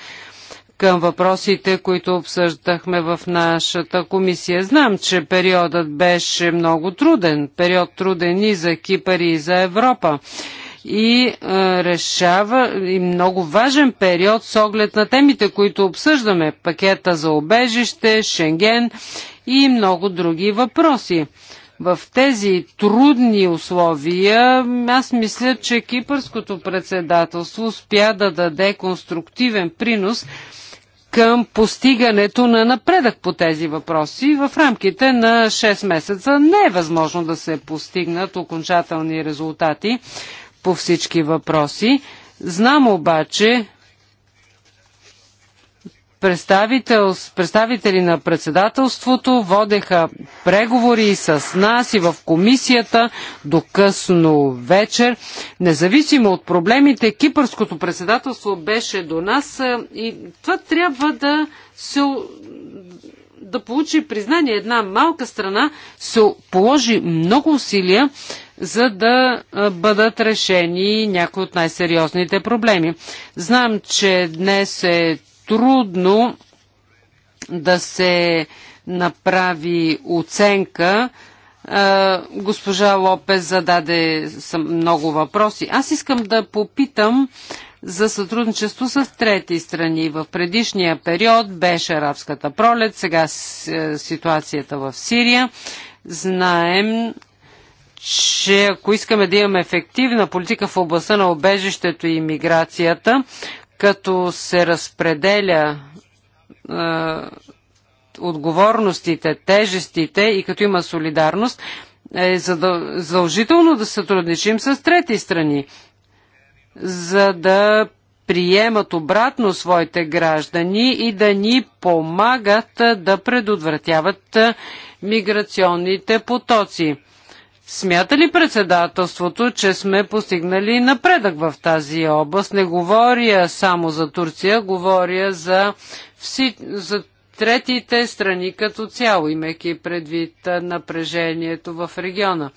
към въпросите, които обсъждахме в нашата комисия. Знам, че периодът беше много труден, период труден и за Кипър и за Европа и е, решава и много важен период с оглед на темите, които обсъждаме. Пакета за обежище, Шенген и много други въпроси. В тези трудни условия аз мисля, че кипърското председателство успя да даде конструктивен принос към постигането на напредък по тези въпроси в рамките на 6 месеца. Не е възможно да се постигнат окончателни резултати, по всички въпроси. Знам обаче, представител, представители на председателството водеха преговори с нас и в комисията до късно вечер. Независимо от проблемите, кипърското председателство беше до нас и това трябва да се да получи признание. Една малка страна се положи много усилия, за да бъдат решени някои от най-сериозните проблеми. Знам, че днес е трудно да се направи оценка. Госпожа Лопес зададе много въпроси. Аз искам да попитам за сътрудничество с трети страни. В предишния период беше арабската пролет, сега е, ситуацията в Сирия. Знаем, че ако искаме да имаме ефективна политика в областта на обежището и миграцията, като се разпределя е, отговорностите, тежестите и като има солидарност, е задължително да сътрудничим с трети страни за да приемат обратно своите граждани и да ни помагат да предотвратяват миграционните потоци. Смята ли председателството, че сме постигнали напредък в тази област? Не говоря само за Турция, говоря за, вси... за третите страни като цяло, имайки предвид напрежението в региона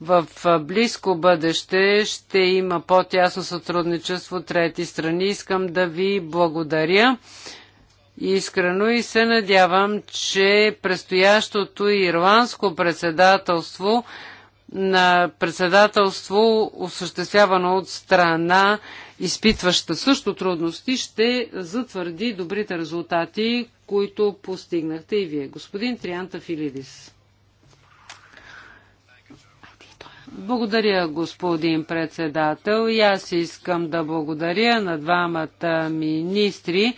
в близко бъдеще ще има по-тясно сътрудничество от трети страни. Искам да ви благодаря искрено и се надявам, че предстоящото ирландско председателство на председателство, осъществявано от страна, изпитваща също трудности, ще затвърди добрите резултати, които постигнахте и вие. Господин Трианта Филидис. Благодаря, господин председател. И аз искам да благодаря на двамата министри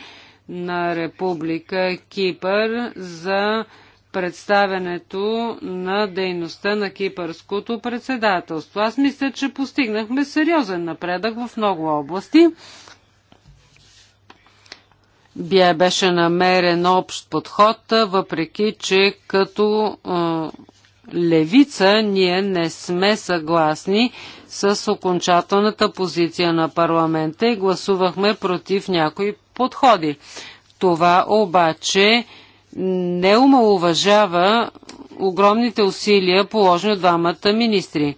на Република Кипър за представянето на дейността на кипърското председателство. Аз мисля, че постигнахме сериозен напредък в много области. Бя беше намерен общ подход, въпреки че като левица ние не сме съгласни с окончателната позиция на парламента и гласувахме против някои подходи. Това обаче не умалуважава огромните усилия, положени от двамата министри.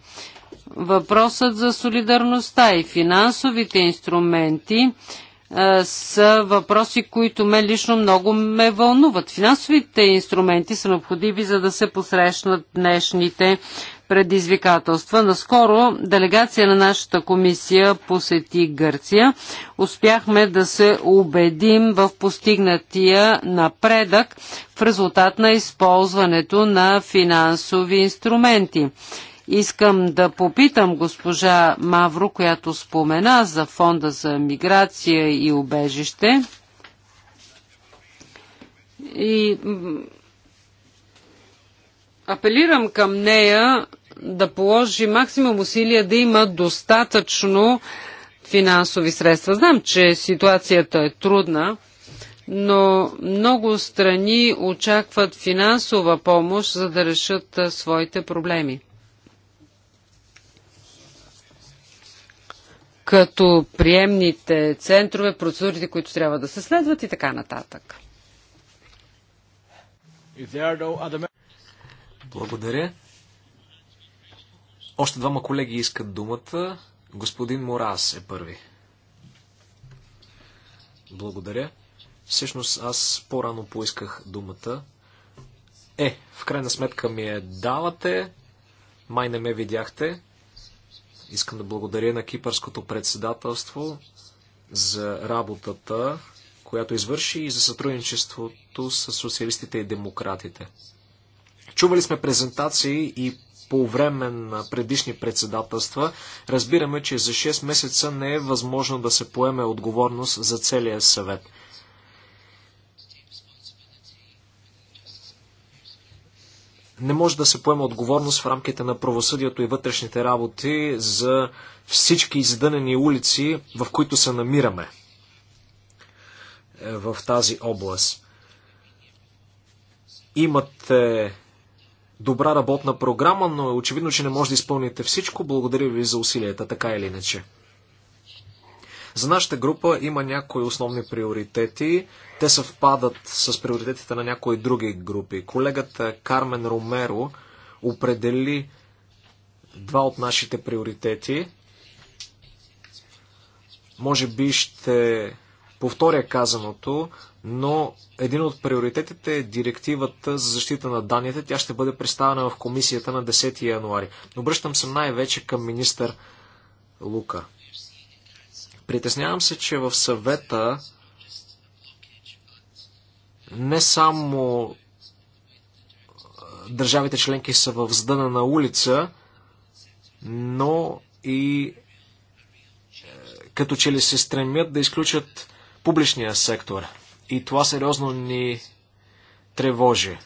Въпросът за солидарността и финансовите инструменти е, са въпроси, които ме лично много ме вълнуват. Финансовите инструменти са необходими, за да се посрещнат днешните предизвикателства. Наскоро делегация на нашата комисия посети Гърция. Успяхме да се убедим в постигнатия напредък в резултат на използването на финансови инструменти. Искам да попитам госпожа Мавро, която спомена за фонда за миграция и убежище. И апелирам към нея да положи максимум усилия да има достатъчно финансови средства. Знам, че ситуацията е трудна, но много страни очакват финансова помощ, за да решат своите проблеми. като приемните центрове, процедурите, които трябва да се следват и така нататък. Благодаря. Още двама колеги искат думата. Господин Морас е първи. Благодаря. Всъщност аз по-рано поисках думата. Е, в крайна сметка ми е давате. Май не ме видяхте. Искам да благодаря на кипърското председателство за работата, която извърши и за сътрудничеството с социалистите и демократите. Чували сме презентации и по време на предишни председателства. Разбираме, че за 6 месеца не е възможно да се поеме отговорност за целия съвет – Не може да се поема отговорност в рамките на правосъдието и вътрешните работи за всички издънени улици, в които се намираме е, в тази област. Имате добра работна програма, но е очевидно, че не може да изпълните всичко. Благодаря ви за усилията, така или иначе. За нашата група има някои основни приоритети. Те съвпадат с приоритетите на някои други групи. Колегата Кармен Ромеро определи два от нашите приоритети. Може би ще повторя казаното, но един от приоритетите е директивата за защита на данните. Тя ще бъде представена в комисията на 10 януари. Обръщам се най-вече към министър Лука. Притеснявам се, че в съвета не само държавите членки са в здъна на улица, но и като че ли се стремят да изключат публичния сектор. И това сериозно ни тревожи.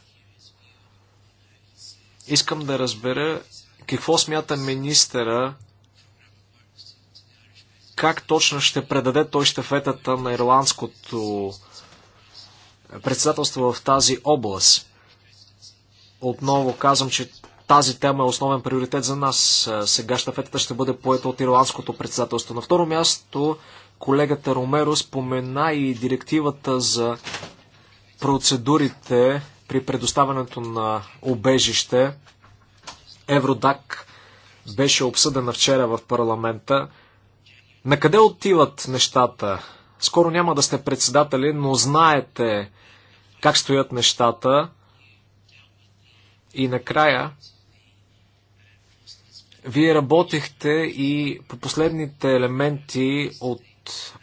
Искам да разбера какво смята министъра как точно ще предаде той щафетата на ирландското председателство в тази област. Отново казвам, че тази тема е основен приоритет за нас. Сега щафетата ще бъде поета от ирландското председателство. На второ място колегата Ромеро спомена и директивата за процедурите при предоставянето на обежище. Евродак беше обсъдена вчера в парламента. На къде отиват нещата? Скоро няма да сте председатели, но знаете как стоят нещата. И накрая, вие работихте и по последните елементи от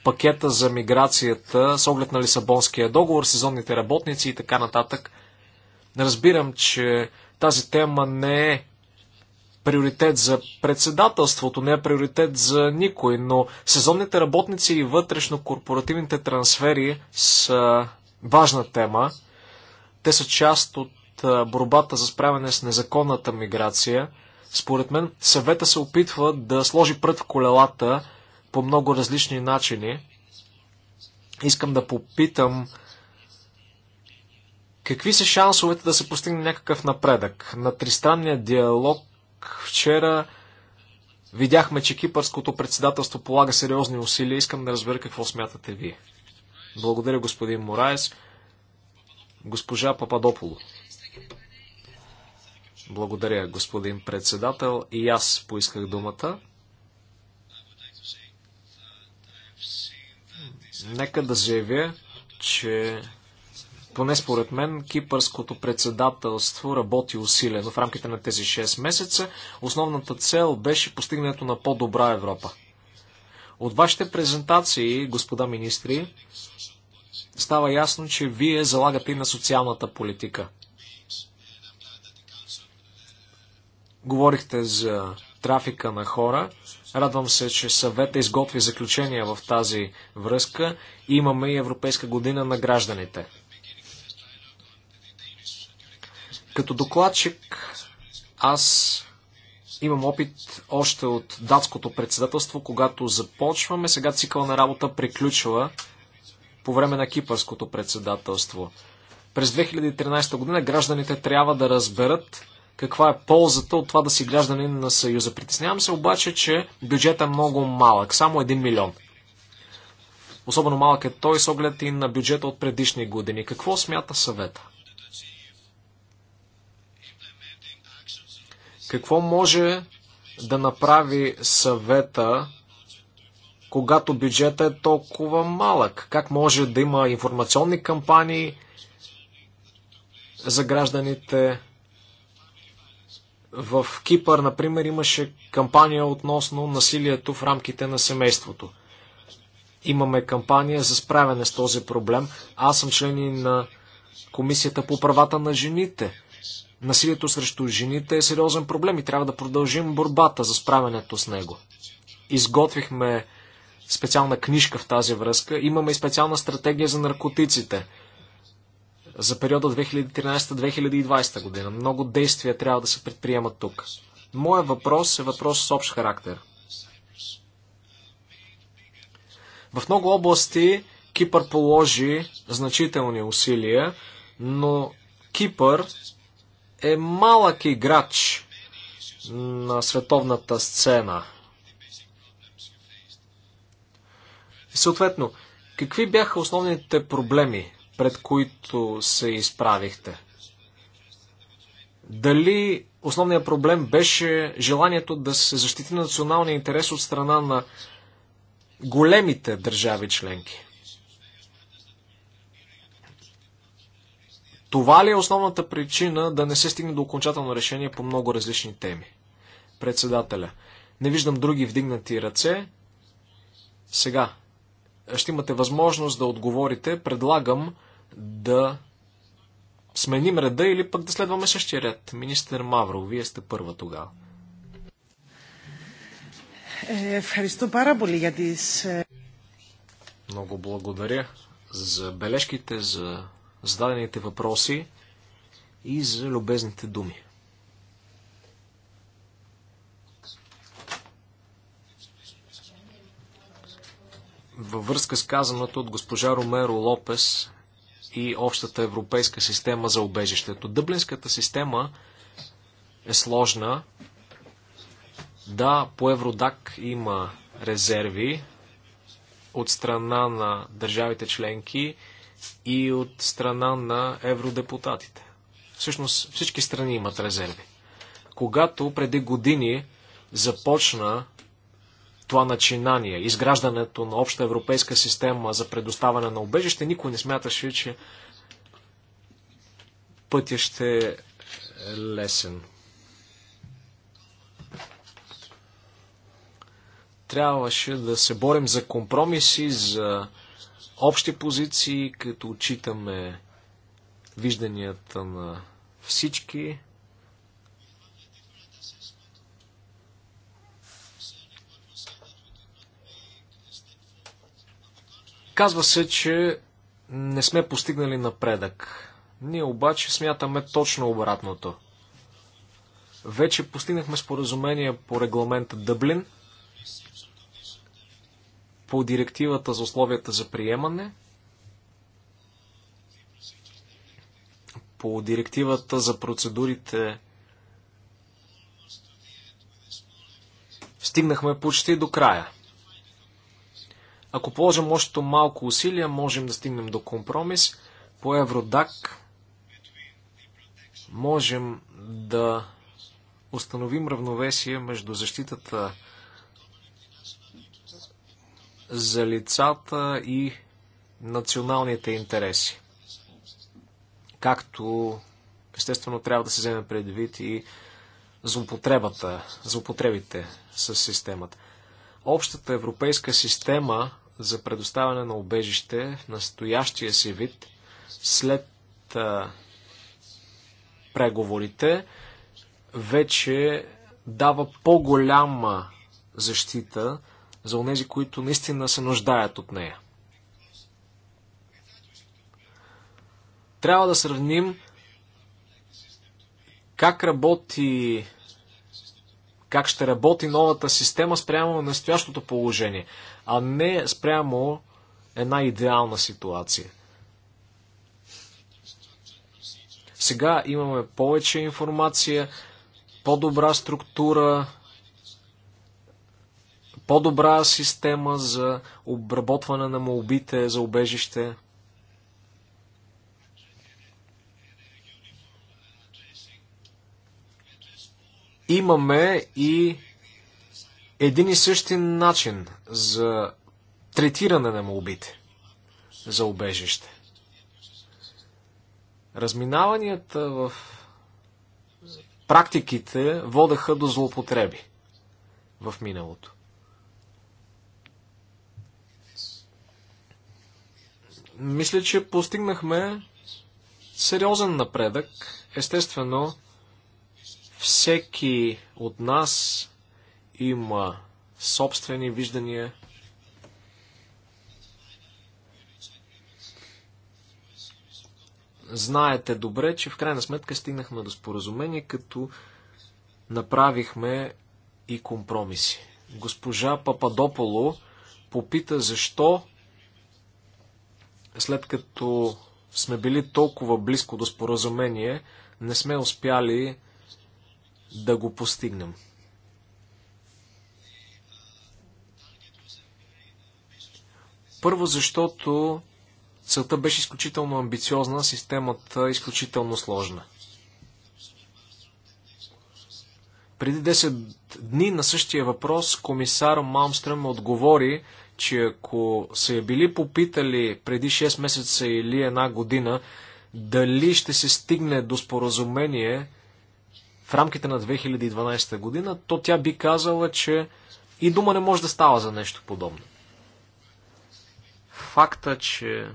пакета за миграцията с оглед на Лисабонския договор, сезонните работници и така нататък. Разбирам, че тази тема не е приоритет за председателството, не е приоритет за никой, но сезонните работници и вътрешно-корпоративните трансфери са важна тема. Те са част от борбата за справяне с незаконната миграция. Според мен съвета се опитва да сложи прът в колелата по много различни начини. Искам да попитам какви са шансовете да се постигне някакъв напредък. На тристранния диалог вчера видяхме, че кипърското председателство полага сериозни усилия. Искам да разбера какво смятате вие. Благодаря, господин Мораес. Госпожа Пападополо. Благодаря, господин председател. И аз поисках думата. Нека да заявя, че поне според мен, кипърското председателство работи усилено в рамките на тези 6 месеца. Основната цел беше постигането на по-добра Европа. От вашите презентации, господа министри, става ясно, че вие залагате и на социалната политика. Говорихте за трафика на хора. Радвам се, че съвета изготви заключения в тази връзка. Имаме и Европейска година на гражданите. Като докладчик аз имам опит още от датското председателство, когато започваме. Сега цикъл на работа приключва по време на кипърското председателство. През 2013 година гражданите трябва да разберат каква е ползата от това да си гражданин на Съюза. Притеснявам се обаче, че бюджетът е много малък, само 1 милион. Особено малък е той с оглед и на бюджета от предишни години. Какво смята съвета? Какво може да направи съвета, когато бюджета е толкова малък? Как може да има информационни кампании за гражданите? В Кипър, например, имаше кампания относно насилието в рамките на семейството. Имаме кампания за справяне с този проблем. Аз съм член на Комисията по правата на жените. Насилието срещу жените е сериозен проблем и трябва да продължим борбата за справянето с него. Изготвихме специална книжка в тази връзка. Имаме и специална стратегия за наркотиците за периода 2013-2020 година. Много действия трябва да се предприемат тук. Моя въпрос е въпрос с общ характер. В много области Кипър положи значителни усилия, но Кипър е малък играч на световната сцена. И съответно, какви бяха основните проблеми, пред които се изправихте? Дали основният проблем беше желанието да се защити националния интерес от страна на големите държави членки? Това ли е основната причина да не се стигне до окончателно решение по много различни теми? Председателя. Не виждам други вдигнати ръце. Сега ще имате възможност да отговорите. Предлагам да сменим реда или пък да следваме същия ред. Министър Мавро, вие сте първа тогава. Ευχαριστώ πολύ για Много благодаря за бележките, за зададените въпроси и за любезните думи. Във връзка с казаното от госпожа Ромеро Лопес и общата европейска система за обежището. Дъблинската система е сложна. Да, по Евродак има резерви от страна на държавите членки и от страна на евродепутатите. Всъщност всички страни имат резерви. Когато преди години започна това начинание, изграждането на обща европейска система за предоставяне на убежище, никой не смяташе, че пътя ще е лесен. Трябваше да се борим за компромиси, за общи позиции, като отчитаме вижданията на всички. Казва се, че не сме постигнали напредък. Ние обаче смятаме точно обратното. Вече постигнахме споразумение по регламента Дъблин по директивата за условията за приемане, по директивата за процедурите стигнахме почти до края. Ако положим още малко усилия, можем да стигнем до компромис. По Евродак можем да установим равновесие между защитата за лицата и националните интереси. Както естествено трябва да се вземе предвид и злопотребата, злопотребите с системата. Общата европейска система за предоставяне на обежище в настоящия си вид след а, преговорите вече дава по-голяма защита за онези, които наистина се нуждаят от нея. Трябва да сравним как работи как ще работи новата система спрямо на настоящото положение, а не спрямо една идеална ситуация. Сега имаме повече информация, по-добра структура по-добра система за обработване на молбите за убежище. Имаме и един и същи начин за третиране на молбите за убежище. Разминаванията в практиките водеха до злоупотреби в миналото. Мисля, че постигнахме сериозен напредък. Естествено, всеки от нас има собствени виждания. Знаете добре, че в крайна сметка стигнахме до споразумение, като направихме и компромиси. Госпожа Пападополо попита защо след като сме били толкова близко до споразумение, не сме успяли да го постигнем. Първо, защото целта беше изключително амбициозна, системата изключително сложна. Преди 10 дни на същия въпрос комисар Малмстрем отговори, че ако са я били попитали преди 6 месеца или една година, дали ще се стигне до споразумение в рамките на 2012 година, то тя би казала, че и дума не може да става за нещо подобно. Факта, че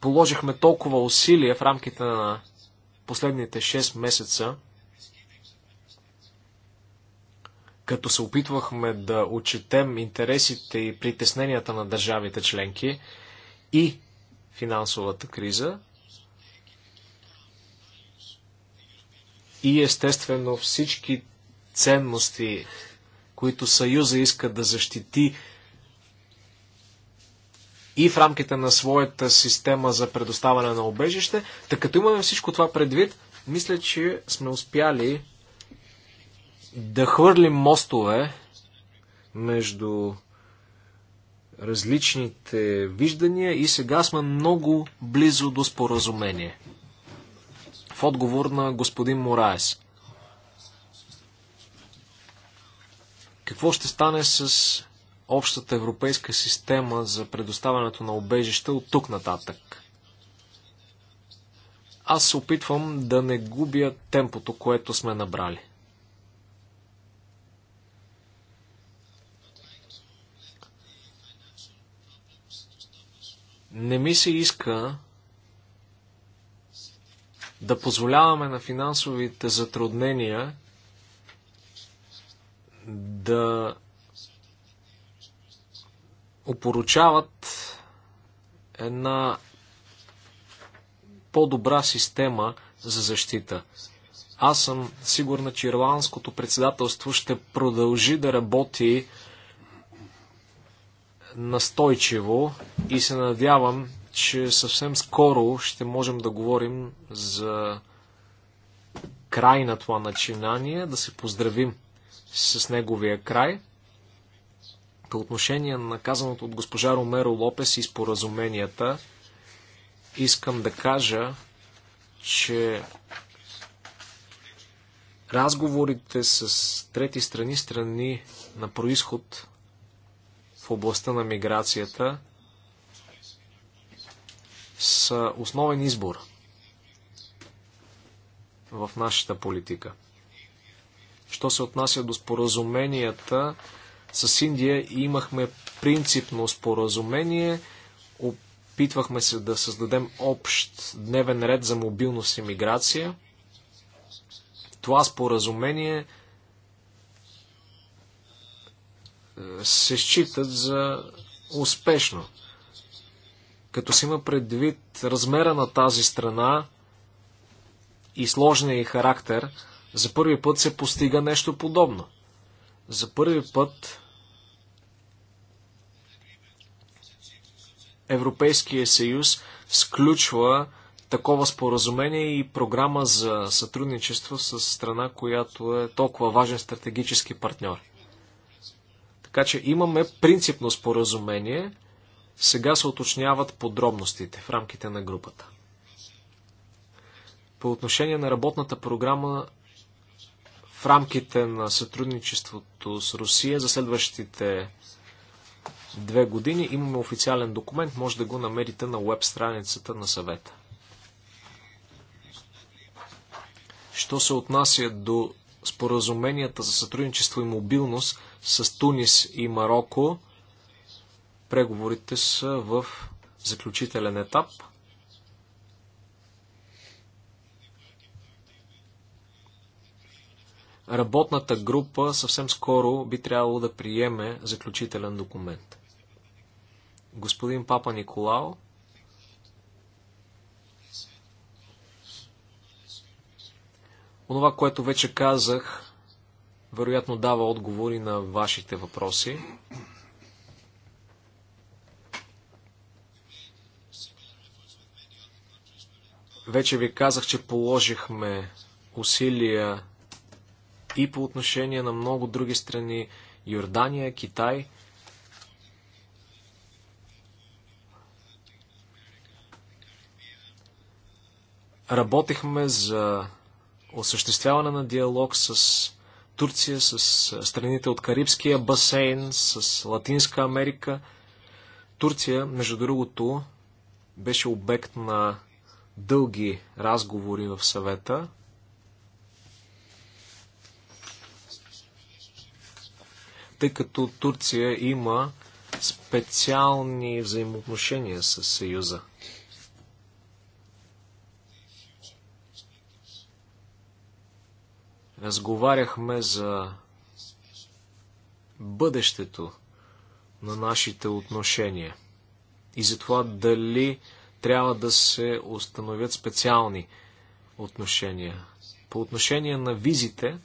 положихме толкова усилия в рамките на последните 6 месеца, като се опитвахме да отчетем интересите и притесненията на държавите членки и финансовата криза, и естествено всички ценности, които Съюза иска да защити и в рамките на своята система за предоставане на обежище, така като имаме всичко това предвид, мисля, че сме успяли да хвърлим мостове между различните виждания и сега сме много близо до споразумение. В отговор на господин Мораес. Какво ще стане с общата европейска система за предоставянето на обежища от тук нататък? Аз се опитвам да не губя темпото, което сме набрали. Не ми се иска да позволяваме на финансовите затруднения да опоручават една по-добра система за защита. Аз съм сигурна, че ирландското председателство ще продължи да работи настойчиво и се надявам, че съвсем скоро ще можем да говорим за край на това начинание, да се поздравим с неговия край. По отношение на казаното от госпожа Ромеро Лопес и споразуменията, искам да кажа, че разговорите с трети страни, страни на происход в областта на миграцията са основен избор в нашата политика. Що се отнася до споразуменията с Индия, имахме принципно споразумение, опитвахме се да създадем общ дневен ред за мобилност и миграция. Това споразумение се считат за успешно. Като си има предвид размера на тази страна и сложния и характер, за първи път се постига нещо подобно. За първи път Европейския съюз сключва такова споразумение и програма за сътрудничество с страна, която е толкова важен стратегически партньор. Така че имаме принципно споразумение. Сега се уточняват подробностите в рамките на групата. По отношение на работната програма в рамките на сътрудничеството с Русия за следващите две години имаме официален документ, може да го намерите на веб страницата на съвета. Що се отнася до споразуменията за сътрудничество и мобилност с Тунис и Марокко. Преговорите са в заключителен етап. Работната група съвсем скоро би трябвало да приеме заключителен документ. Господин Папа Николао Онова, което вече казах, вероятно дава отговори на вашите въпроси. Вече ви казах, че положихме усилия и по отношение на много други страни Йордания, Китай. Работихме за осъществяване на диалог с Турция, с страните от Карибския басейн, с Латинска Америка. Турция, между другото, беше обект на дълги разговори в съвета. Тъй като Турция има специални взаимоотношения с Съюза. Разговаряхме за бъдещето на нашите отношения и за това дали трябва да се установят специални отношения. По отношение на визите,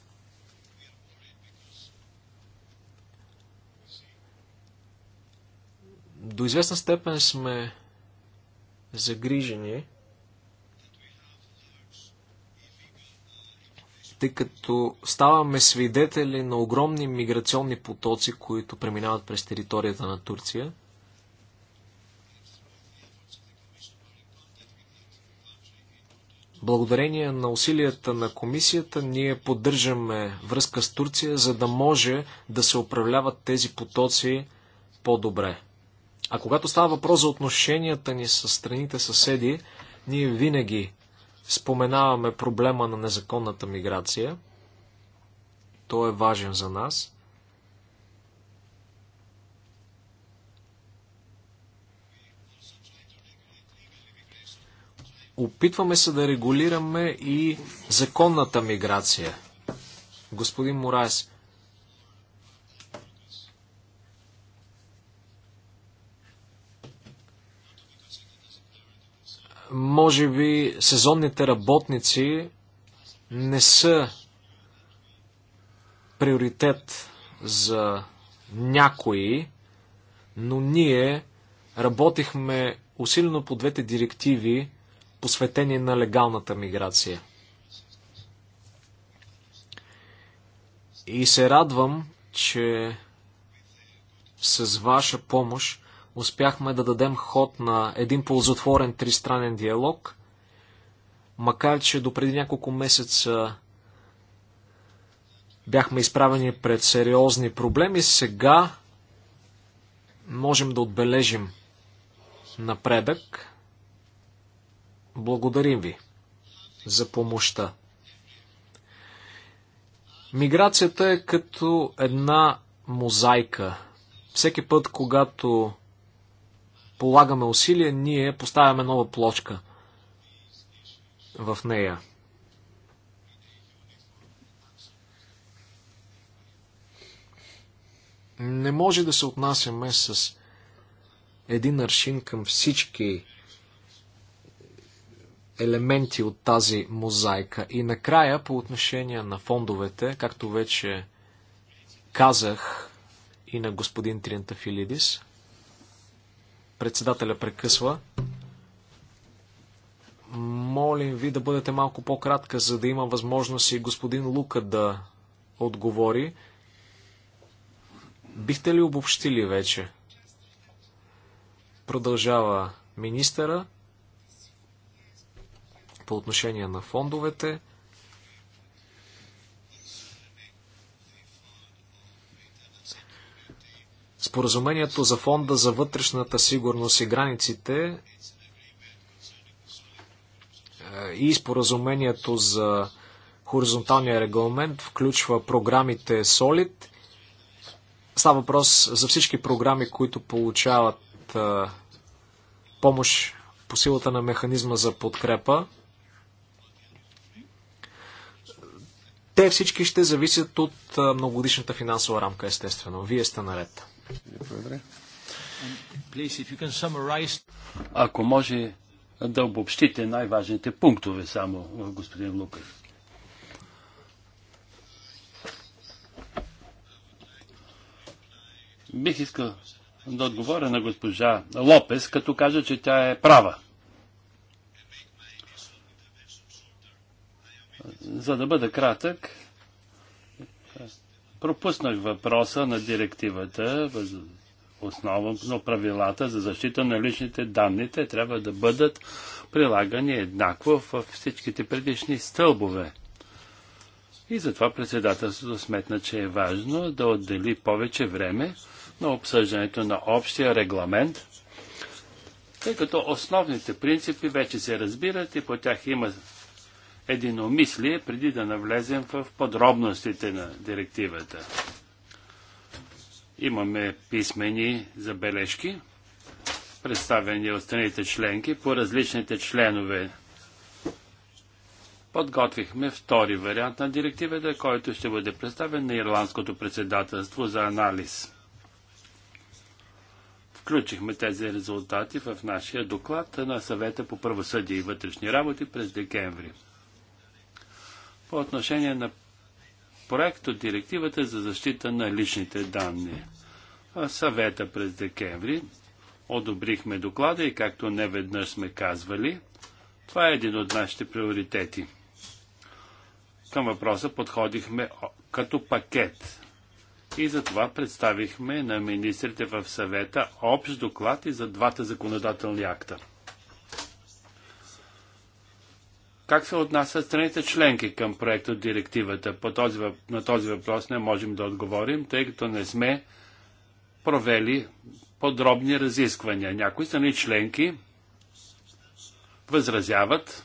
до известна степен сме загрижени, тъй като ставаме свидетели на огромни миграционни потоци, които преминават през територията на Турция. Благодарение на усилията на комисията ние поддържаме връзка с Турция, за да може да се управляват тези потоци по-добре. А когато става въпрос за отношенията ни с страните съседи, ние винаги споменаваме проблема на незаконната миграция. Той е важен за нас. Опитваме се да регулираме и законната миграция. Господин Морайс, Може би сезонните работници не са приоритет за някои, но ние работихме усилено по двете директиви, посветени на легалната миграция. И се радвам, че с ваша помощ успяхме да дадем ход на един ползотворен тристранен диалог, макар че до преди няколко месеца бяхме изправени пред сериозни проблеми, сега можем да отбележим напредък. Благодарим ви за помощта. Миграцията е като една мозайка. Всеки път, когато полагаме усилия, ние поставяме нова плочка в нея. Не може да се отнасяме с един аршин към всички елементи от тази мозайка. И накрая, по отношение на фондовете, както вече казах и на господин Тринтафилидис, Председателя прекъсва. Молим ви да бъдете малко по-кратка, за да има възможност и господин Лука да отговори. Бихте ли обобщили вече? Продължава министъра по отношение на фондовете. Споразумението за фонда за вътрешната сигурност и границите е, и споразумението за хоризонталния регламент включва програмите SOLID. Става въпрос за всички програми, които получават е, помощ по силата на механизма за подкрепа. Те всички ще зависят от е, многодишната финансова рамка, естествено. Вие сте наред. Ако може да обобщите най-важните пунктове само, господин Лукър. Бих искал да отговоря на госпожа Лопес, като кажа, че тя е права. За да бъда кратък, Пропуснах въпроса на директивата, основа но правилата за защита на личните данни. Те трябва да бъдат прилагани еднакво в всичките предишни стълбове. И затова председателството сметна, че е важно да отдели повече време на обсъждането на общия регламент, тъй като основните принципи вече се разбират и по тях има единомислие, преди да навлезем в подробностите на директивата. Имаме писмени забележки, представени от страните членки по различните членове. Подготвихме втори вариант на директивата, който ще бъде представен на Ирландското председателство за анализ. Включихме тези резултати в нашия доклад на съвета по правосъдие и вътрешни работи през декември по отношение на проект от директивата за защита на личните данни. Съвета през декември одобрихме доклада и както не веднъж сме казвали, това е един от нашите приоритети. Към въпроса подходихме като пакет и затова представихме на министрите в съвета общ доклад и за двата законодателни акта. Как се отнасят страните членки към проект от директивата? По този, на този въпрос не можем да отговорим, тъй като не сме провели подробни разисквания. Някои страни членки възразяват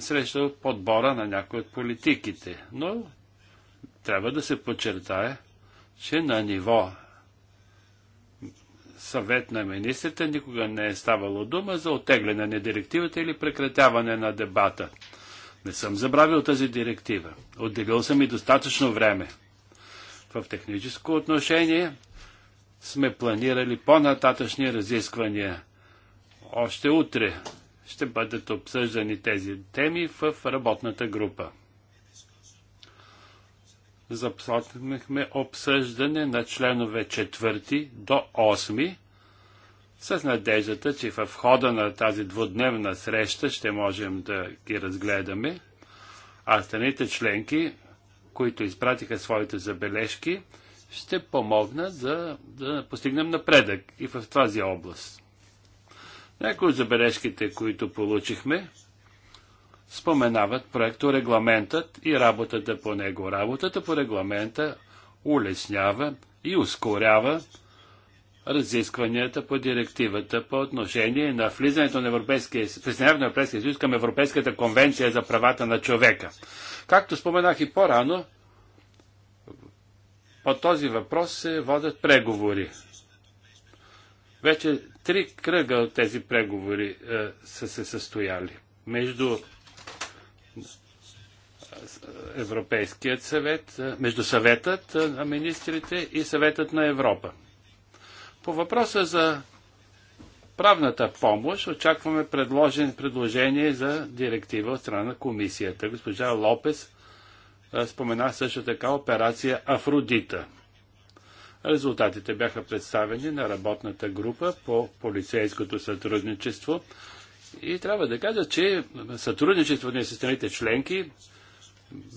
срещу подбора на някои от политиките. Но трябва да се подчертае, че на ниво съвет на министрите никога не е ставало дума за отегляне на директивата или прекратяване на дебата. Не съм забравил тази директива. Отделил съм и достатъчно време. В техническо отношение сме планирали по-нататъчни разисквания. Още утре ще бъдат обсъждани тези теми в работната група започнахме обсъждане на членове 4 до 8 с надеждата, че в хода на тази двудневна среща ще можем да ги разгледаме, а страните членки, които изпратиха своите забележки, ще помогнат за да постигнем напредък и в тази област. Някои от забележките, които получихме, споменават проекто регламентът и работата по него. Работата по регламента улеснява и ускорява разискванията по директивата по отношение на влизането на Европейския, на Европейския съюз към Европейската конвенция за правата на човека. Както споменах и по-рано, по този въпрос се водят преговори. Вече три кръга от тези преговори е, са се състояли между Европейският съвет, между съветът на министрите и съветът на Европа. По въпроса за правната помощ очакваме предложен, предложение за директива от страна на комисията. Госпожа Лопес спомена също така операция Афродита. Резултатите бяха представени на работната група по полицейското сътрудничество и трябва да кажа, че сътрудничеството ни с страните членки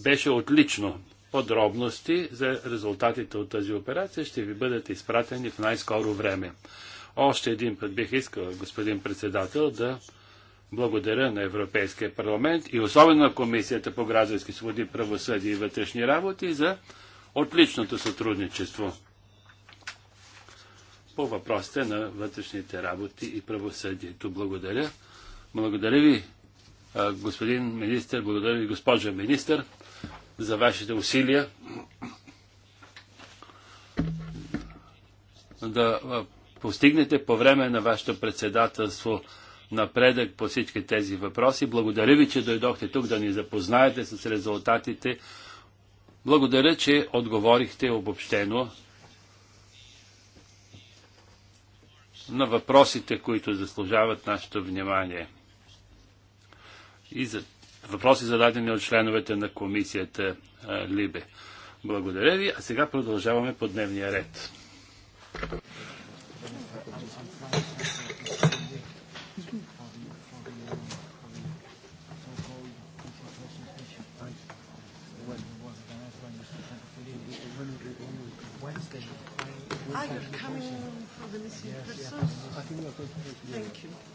беше отлично. Подробности за резултатите от тази операция ще ви бъдат изпратени в най-скоро време. Още един път бих искал, господин председател, да благодаря на Европейския парламент и особено на Комисията по граждански свободи, правосъдие и вътрешни работи за отличното сътрудничество по въпросите на вътрешните работи и правосъдието. Благодаря. Благодаря ви, Господин министр, благодаря ви, госпожа министр, за вашите усилия да постигнете по време на вашето председателство напредък по всички тези въпроси. Благодаря ви, че дойдохте тук да ни запознаете с резултатите. Благодаря, че отговорихте обобщено на въпросите, които заслужават нашето внимание и за въпроси зададени от членовете на комисията Либе. Благодаря ви, а сега продължаваме по дневния ред. Thank you.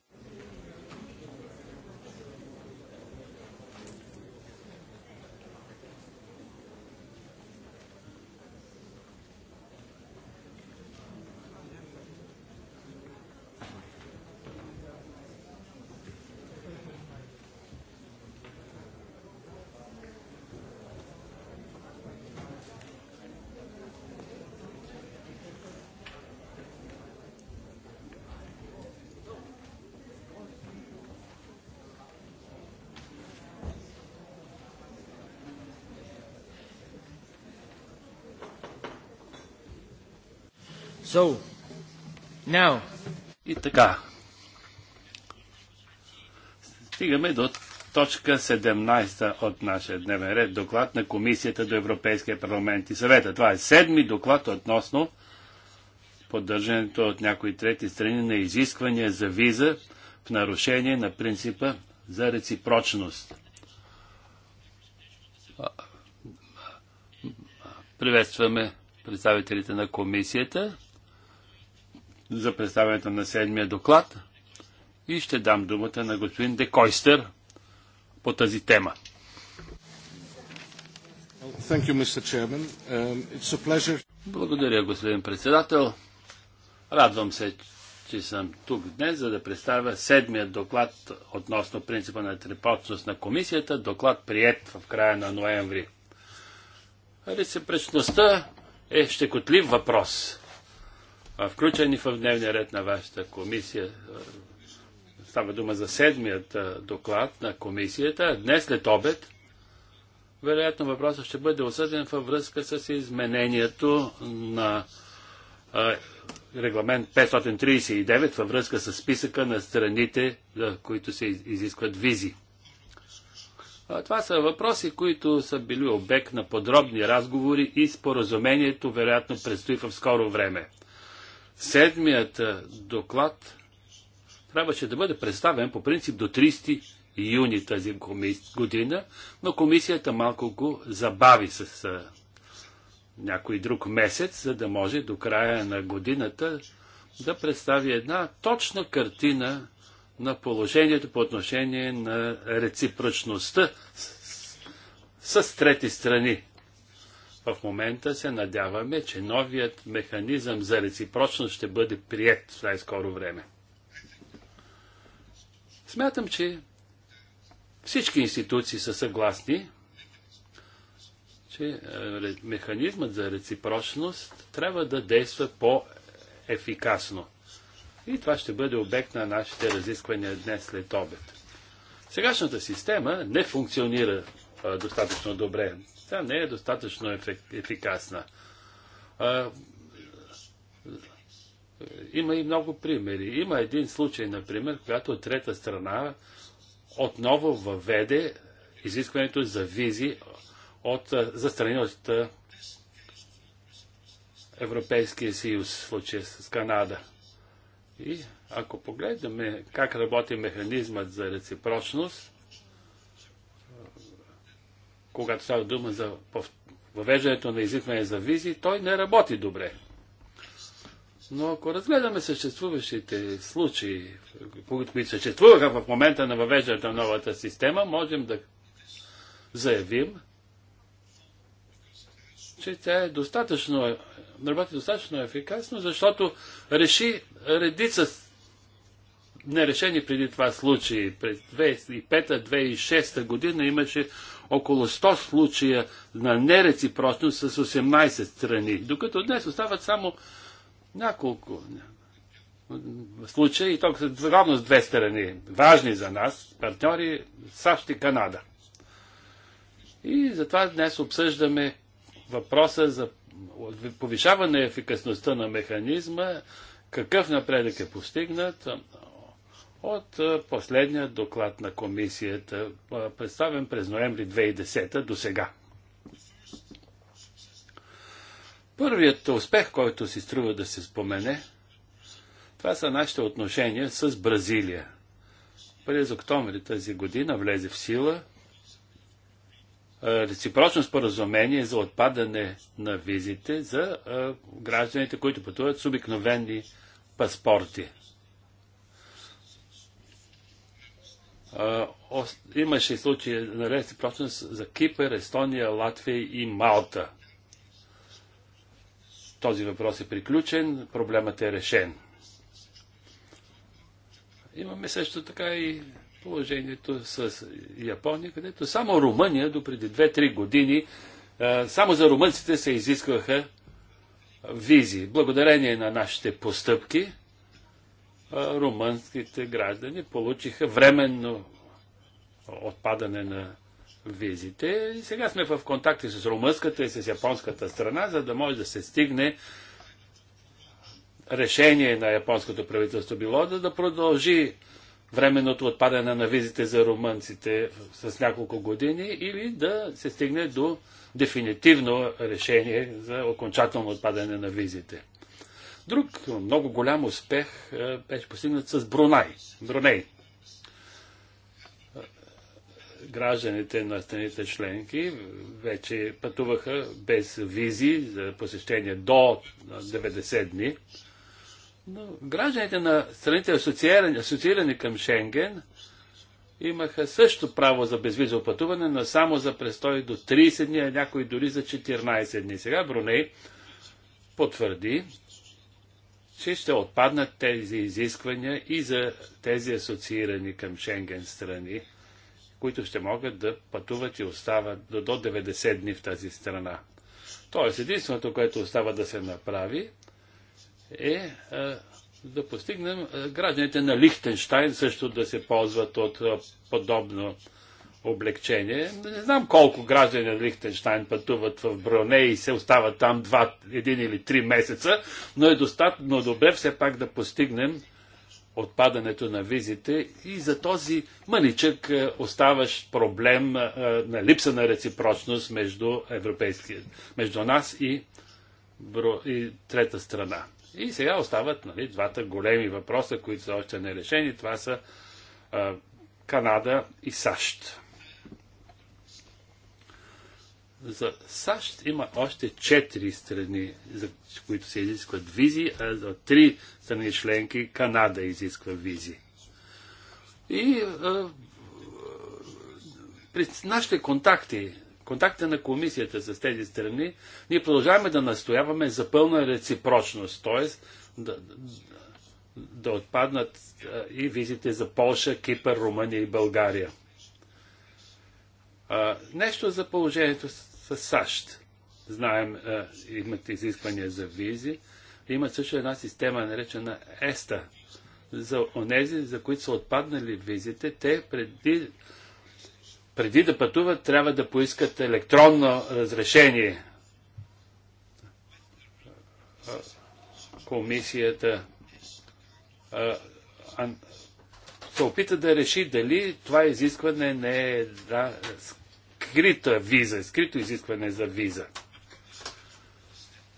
So, now. И така. Стигаме до точка 17 от нашия дневен ред. Доклад на Комисията до Европейския парламент и съвета. Това е седми доклад относно поддържането от някои трети страни на изисквания за виза в нарушение на принципа за реципрочност. Приветстваме представителите на комисията за представянето на седмия доклад и ще дам думата на господин Декойстер по тази тема. You, um, Благодаря, господин председател. Радвам се, че съм тук днес, за да представя седмият доклад относно принципа на трепотност на комисията, доклад прият в края на ноември. Рецепречността е щекотлив въпрос. А включени в дневния ред на вашата комисия. Става дума за седмият доклад на комисията. Днес след обед, вероятно въпросът ще бъде осъден във връзка с изменението на регламент 539 във връзка с списъка на страните, за които се изискват визи. Това са въпроси, които са били обект на подробни разговори и споразумението вероятно предстои в скоро време. Седмият е, доклад трябваше да бъде представен по принцип до 30 юни тази година, но комисията малко го забави с е, някой друг месец, за да може до края на годината да представи една точна картина на положението по отношение на реципрочността с, трети страни. В момента се надяваме, че новият механизъм за реципрочност ще бъде прият в най-скоро време. Смятам, че всички институции са съгласни, че е, механизмът за реципрочност трябва да действа по-ефикасно. И това ще бъде обект на нашите разисквания днес след обед. Сегашната система не функционира достатъчно добре тя не е достатъчно ефикасна. Има и много примери. Има един случай, например, когато трета страна отново въведе изискването за визи от, за страни от Европейския съюз, в случая с Канада. И ако погледнем как работи механизмът за реципрочност, когато става дума за въвеждането на изискване за визи, той не работи добре. Но ако разгледаме съществуващите случаи, които съществуваха в момента на въвеждането на новата система, можем да заявим, че тя е достатъчно, работи достатъчно ефикасно, защото реши редица нерешени преди това случаи. През 2005-2006 година имаше около 100 случая на нереципрочност с 18 страни, докато днес остават само няколко случаи, и то главно с две страни, важни за нас, партньори САЩ и Канада. И затова днес обсъждаме въпроса за повишаване ефикасността на механизма, какъв напредък е постигнат, от последния доклад на комисията, представен през ноември 2010 до сега. Първият успех, който си струва да се спомене, това са нашите отношения с Бразилия. През октомври тази година влезе в сила реципрочно споразумение за отпадане на визите за гражданите, които пътуват с обикновени паспорти. Имаше случаи на реципрочност за Кипър, Естония, Латвия и Малта. Този въпрос е приключен, проблемът е решен. Имаме също така и положението с Япония, където само Румъния до преди 2-3 години, само за румънците се изискваха визи. Благодарение на нашите постъпки, румънските граждани получиха временно отпадане на визите. И сега сме в контакти с румънската и с японската страна, за да може да се стигне решение на японското правителство било да, да продължи временното отпадане на визите за румънците с няколко години или да се стигне до дефинитивно решение за окончателно отпадане на визите. Друг много голям успех е, беше постигнат с Брунай. Бруней. Гражданите на страните членки вече пътуваха без визи за посещение до 90 дни. Но гражданите на страните асоциирани, асоциирани към Шенген имаха също право за безвизово пътуване, но само за престой до 30 дни, а някои дори за 14 дни. Сега Бруней потвърди, че ще отпаднат тези изисквания и за тези асоциирани към Шенген страни, които ще могат да пътуват и остават до, до 90 дни в тази страна. Тоест, единственото, което остава да се направи, е да постигнем гражданите на Лихтенштайн също да се ползват от подобно облегчение. Не знам колко граждани на Лихтенштайн пътуват в Броне и се остават там два, един или три месеца, но е достатъчно добре все пак да постигнем отпадането на визите и за този мъничък е, оставащ проблем е, на липса на реципрочност между, между нас и, бро, и трета страна. И сега остават нали, двата големи въпроса, които са още нерешени. Това са а, е, Канада и САЩ. За САЩ има още четири страни, за които се изискват визи, а за три страни членки Канада изисква визи. И а, при нашите контакти, контакта на комисията с тези страни, ние продължаваме да настояваме за пълна реципрочност, т.е. Да, да отпаднат а, и визите за Полша, Кипър, Румъния и България. А, нещо за положението с с САЩ. Знаем, е, имат изисквания за визи. Има също една система, наречена ЕСТА. За онези, за които са отпаднали визите, те преди, преди да пътуват, трябва да поискат електронно разрешение. Комисията е, се опита да реши дали това изискване не е да, скрита виза, скрито изискване за виза.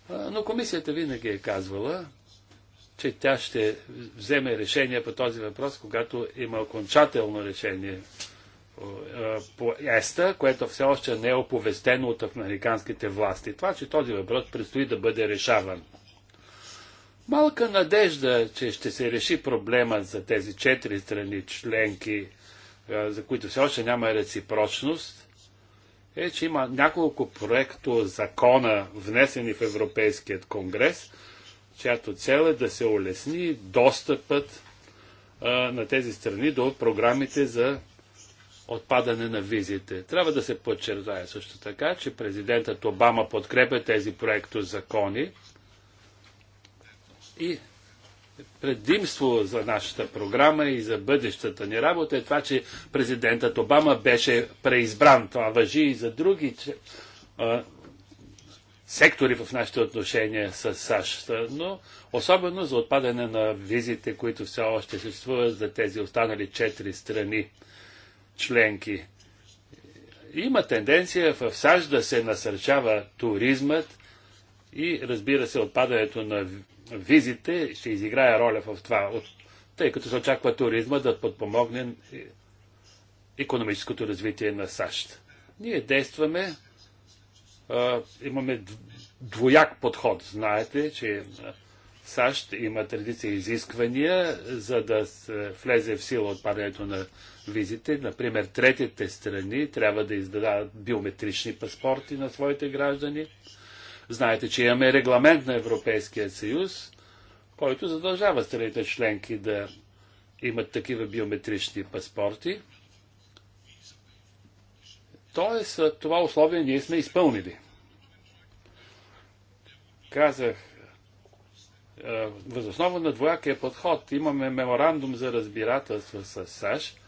Но комисията винаги е казвала, че тя ще вземе решение по този въпрос, когато има окончателно решение по ЕСТА, което все още не е оповестено от американските власти. Това, че този въпрос предстои да бъде решаван. Малка надежда, че ще се реши проблема за тези четири страни членки, за които все още няма реципрочност, е, че има няколко проекто закона, внесени в Европейският конгрес, чиято цел е да се улесни достъпът а, на тези страни до програмите за отпадане на визите. Трябва да се подчертая също така, че президентът Обама подкрепя тези проекто закони и предимство за нашата програма и за бъдещата ни работа е това, че президентът Обама беше преизбран. Това въжи и за други че, а, сектори в нашите отношения с САЩ, но особено за отпадане на визите, които все още съществуват за тези останали четири страни членки. Има тенденция в САЩ да се насърчава туризмът, и разбира се, отпадането на визите ще изиграе роля в това, тъй като се очаква туризма да подпомогне економическото развитие на САЩ. Ние действаме, имаме двояк подход. Знаете, че САЩ има традиция изисквания, за да влезе в сила отпадането на визите. Например, третите страни трябва да издадат биометрични паспорти на своите граждани Знаете, че имаме регламент на Европейския съюз, който задължава страните членки да имат такива биометрични паспорти. Тоест, това условие ние сме изпълнили. Казах, възоснова на двоякия подход имаме меморандум за разбирателство с САЩ,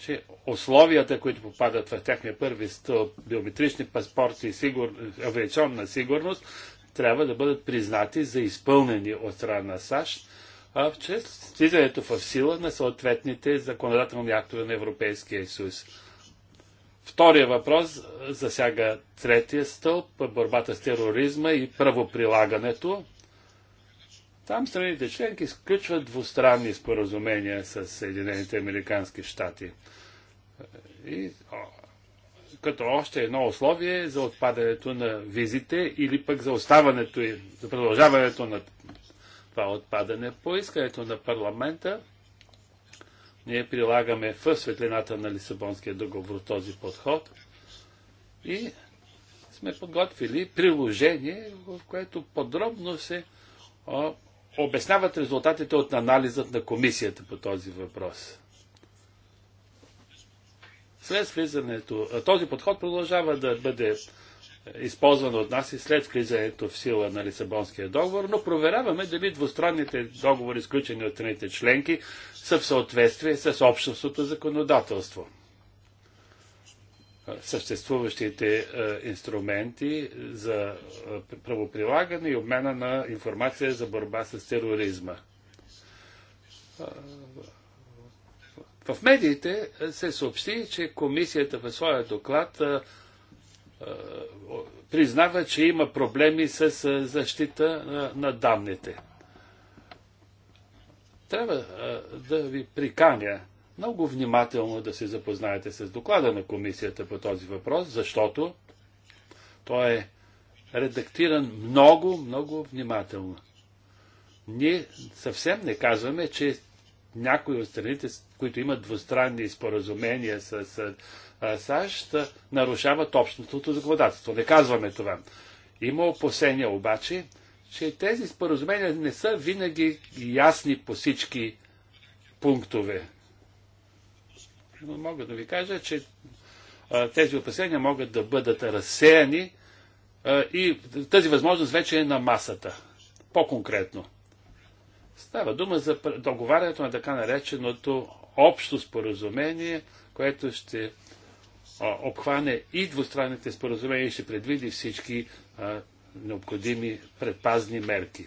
че условията, които попадат в техния първи стълб, биометрични паспорти и сигур... авиационна сигурност, трябва да бъдат признати за изпълнени от страна на САЩ, а чрез влизането в сила на съответните законодателни актове на Европейския съюз. Втория въпрос засяга третия стълб, борбата с тероризма и правоприлагането. Там страните членки сключват двустранни споразумения с Съединените Американски щати. И като още едно условие за отпадането на визите или пък за оставането и за продължаването на това отпадане по искането на парламента, ние прилагаме в светлината на Лисабонския договор този подход и сме подготвили приложение, в което подробно се обясняват резултатите от анализът на комисията по този въпрос. След влизането, този подход продължава да бъде използван от нас и след влизането в сила на Лисабонския договор, но проверяваме дали двустранните договори, изключени от страните членки, са в съответствие с общностното законодателство съществуващите инструменти за правоприлагане и обмена на информация за борба с тероризма. В медиите се съобщи, че комисията в своя доклад признава, че има проблеми с защита на данните. Трябва да ви приканя много внимателно е да се запознаете с доклада на комисията по този въпрос, защото той е редактиран много, много внимателно. Ние съвсем не казваме, че някои от страните, които имат двустранни споразумения с, САЩ, нарушават общностното законодателство. Не казваме това. Има опасения обаче, че тези споразумения не са винаги ясни по всички пунктове но мога да ви кажа, че а, тези опасения могат да бъдат разсеяни а, и тази възможност вече е на масата. По-конкретно. Става дума за договарянето на така нареченото общо споразумение, което ще а, обхване и двустранните споразумения и ще предвиди всички а, необходими предпазни мерки.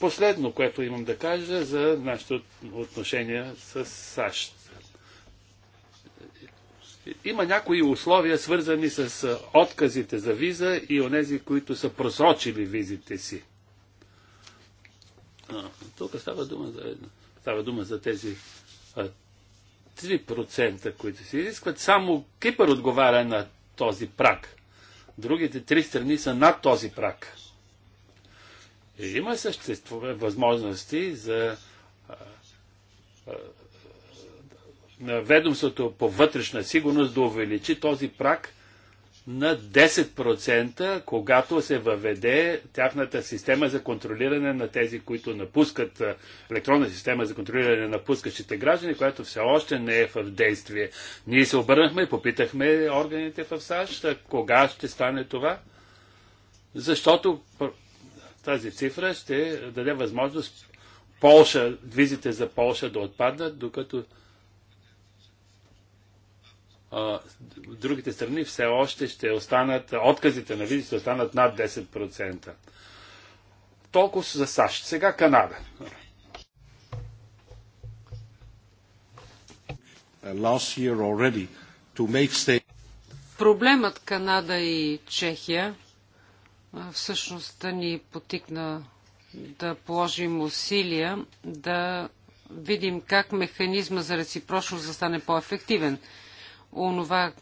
Последно, което имам да кажа за нашите отношения с САЩ. Има някои условия, свързани с отказите за виза и онези, които са просрочили визите си. А, тук става дума за, става дума за тези а, 3%, които се изискват. Само Кипър отговаря на този прак. Другите три страни са над този прак. И има съществува възможности за а, на ведомството по вътрешна сигурност да увеличи този прак на 10%, когато се въведе тяхната система за контролиране на тези, които напускат, електронна система за контролиране на напускащите граждани, която все още не е в действие. Ние се обърнахме и попитахме органите в САЩ кога ще стане това, защото тази цифра ще даде възможност Полша, визите за Полша да отпаднат, докато другите страни все още ще останат, отказите на визи ще останат над 10%. Толкова за САЩ. Сега Канада. Make... Проблемът Канада и Чехия всъщност ни потикна да положим усилия да видим как механизма за реципрочност да стане по-ефективен онова,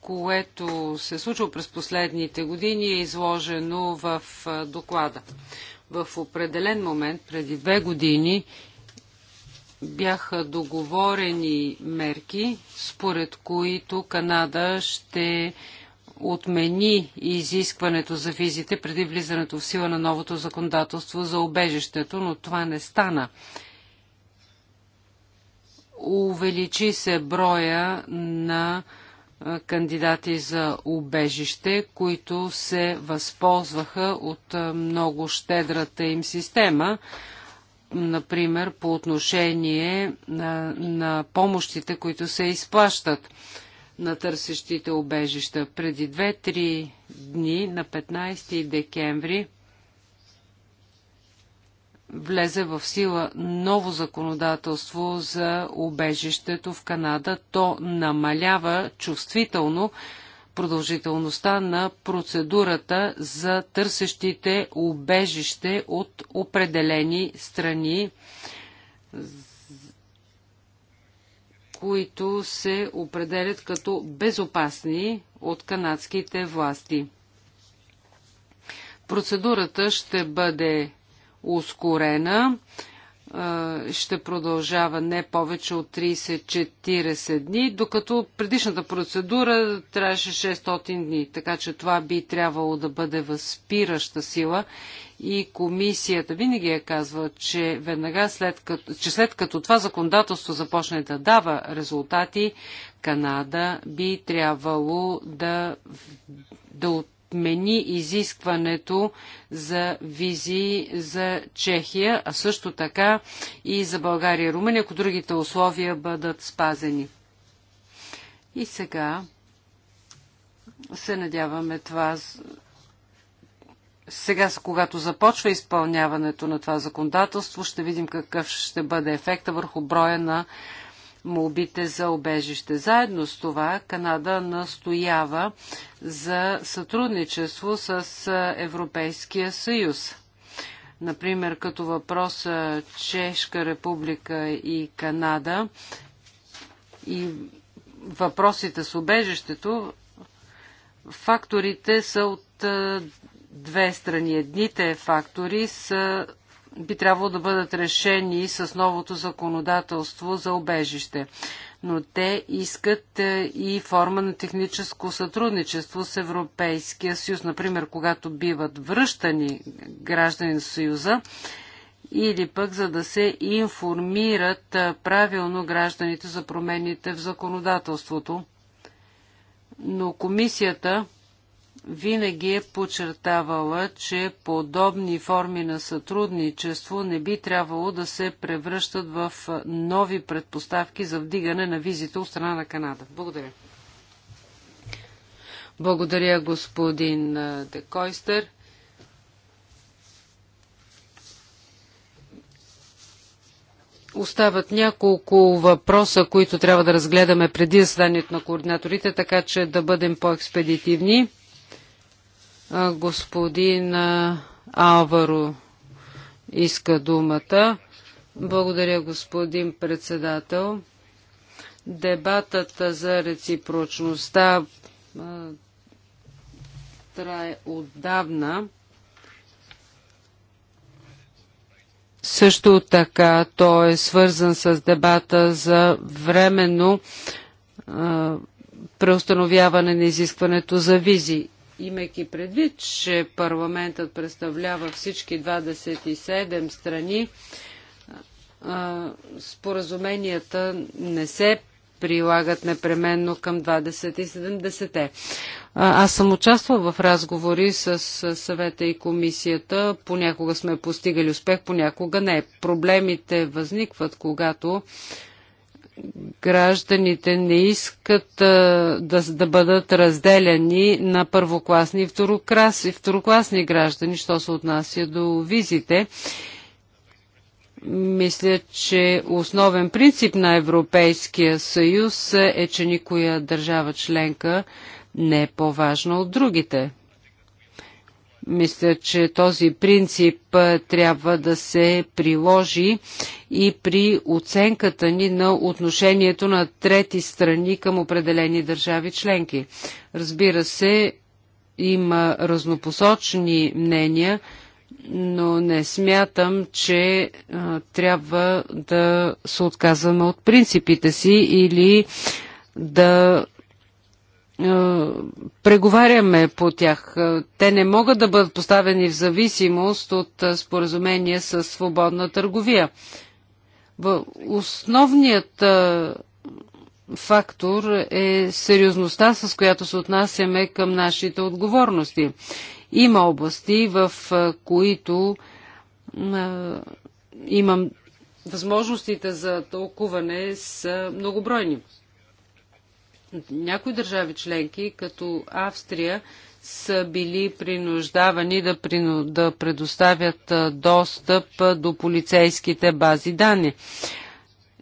което се е през последните години, е изложено в доклада. В определен момент, преди две години, бяха договорени мерки, според които Канада ще отмени изискването за визите преди влизането в сила на новото законодателство за обежището, но това не стана. Увеличи се броя на кандидати за убежище, които се възползваха от много щедрата им система, например по отношение на, на помощите, които се изплащат на търсещите убежища. Преди 2-3 дни, на 15 декември, влезе в сила ново законодателство за убежището в Канада, то намалява чувствително продължителността на процедурата за търсещите убежище от определени страни, които се определят като безопасни от канадските власти. Процедурата ще бъде ускорена. Ще продължава не повече от 30-40 дни, докато предишната процедура трябваше 600 дни. Така че това би трябвало да бъде възпираща сила и комисията винаги е казва, че веднага след като, че след като това законодателство започне да дава резултати, Канада би трябвало да, да отмени изискването за визи за Чехия, а също така и за България и Румъния, ако другите условия бъдат спазени. И сега се надяваме това. Сега, когато започва изпълняването на това законодателство, ще видим какъв ще бъде ефекта върху броя на молбите за обежище. Заедно с това Канада настоява за сътрудничество с Европейския съюз. Например, като въпрос Чешка република и Канада и въпросите с обежището, факторите са от две страни. Едните фактори са би трябвало да бъдат решени с новото законодателство за обежище. Но те искат е, и форма на техническо сътрудничество с Европейския съюз. Например, когато биват връщани граждани на съюза, или пък за да се информират е, правилно гражданите за промените в законодателството. Но комисията винаги е подчертавала, че подобни форми на сътрудничество не би трябвало да се превръщат в нови предпоставки за вдигане на визите от страна на Канада. Благодаря. Благодаря, господин Декойстер. Остават няколко въпроса, които трябва да разгледаме преди заседанието на координаторите, така че да бъдем по-експедитивни. Господин Алваро иска думата. Благодаря, господин председател. Дебатът за реципрочността трае отдавна. Също така той е свързан с дебата за временно а, преустановяване на изискването за визи имайки предвид, че парламентът представлява всички 27 страни, споразуменията не се прилагат непременно към 2070 те Аз съм участвал в разговори с съвета и комисията. Понякога сме постигали успех, понякога не. Проблемите възникват, когато гражданите не искат а, да, да бъдат разделяни на първокласни и, второклас, и второкласни граждани, що се отнася до визите. Мисля, че основен принцип на Европейския съюз е, че никоя държава членка не е по-важна от другите. Мисля, че този принцип трябва да се приложи и при оценката ни на отношението на трети страни към определени държави членки. Разбира се, има разнопосочни мнения, но не смятам, че а, трябва да се отказваме от принципите си или да е, преговаряме по тях. Е, те не могат да бъдат поставени в зависимост от е, споразумение с свободна търговия. Основният фактор е сериозността, с която се отнасяме към нашите отговорности. Има области, в които имам възможностите за тълкуване са многобройни някои държави членки, като Австрия, са били принуждавани да, прину... да предоставят достъп до полицейските бази данни.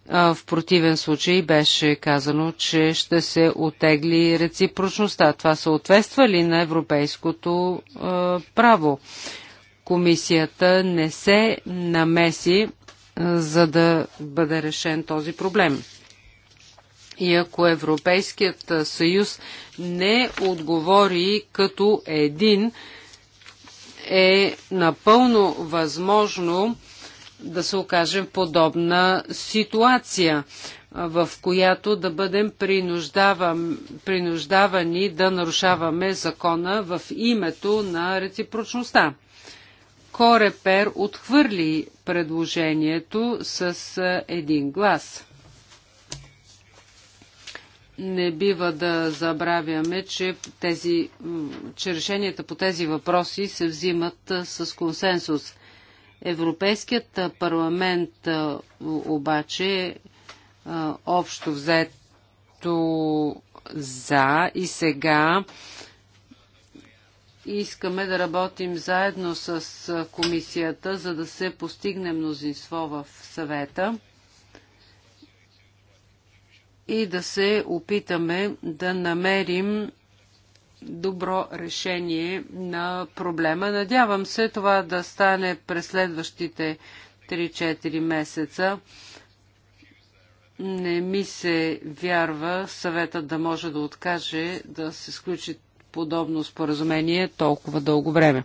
В противен случай беше казано, че ще се отегли реципрочността. Това съответства ли на европейското е, право? Комисията не се намеси, за да бъде решен този проблем. И ако Европейският съюз не отговори като един, е напълно възможно да се окажем подобна ситуация, в която да бъдем принуждавани да нарушаваме закона в името на реципрочността. Корепер отхвърли предложението с един глас не бива да забравяме, че, тези, че решенията по тези въпроси се взимат с консенсус. Европейският парламент обаче общо взето за и сега искаме да работим заедно с комисията, за да се постигне мнозинство в съвета и да се опитаме да намерим добро решение на проблема. Надявам се това да стане през следващите 3-4 месеца. Не ми се вярва съветът да може да откаже да се сключи подобно споразумение толкова дълго време.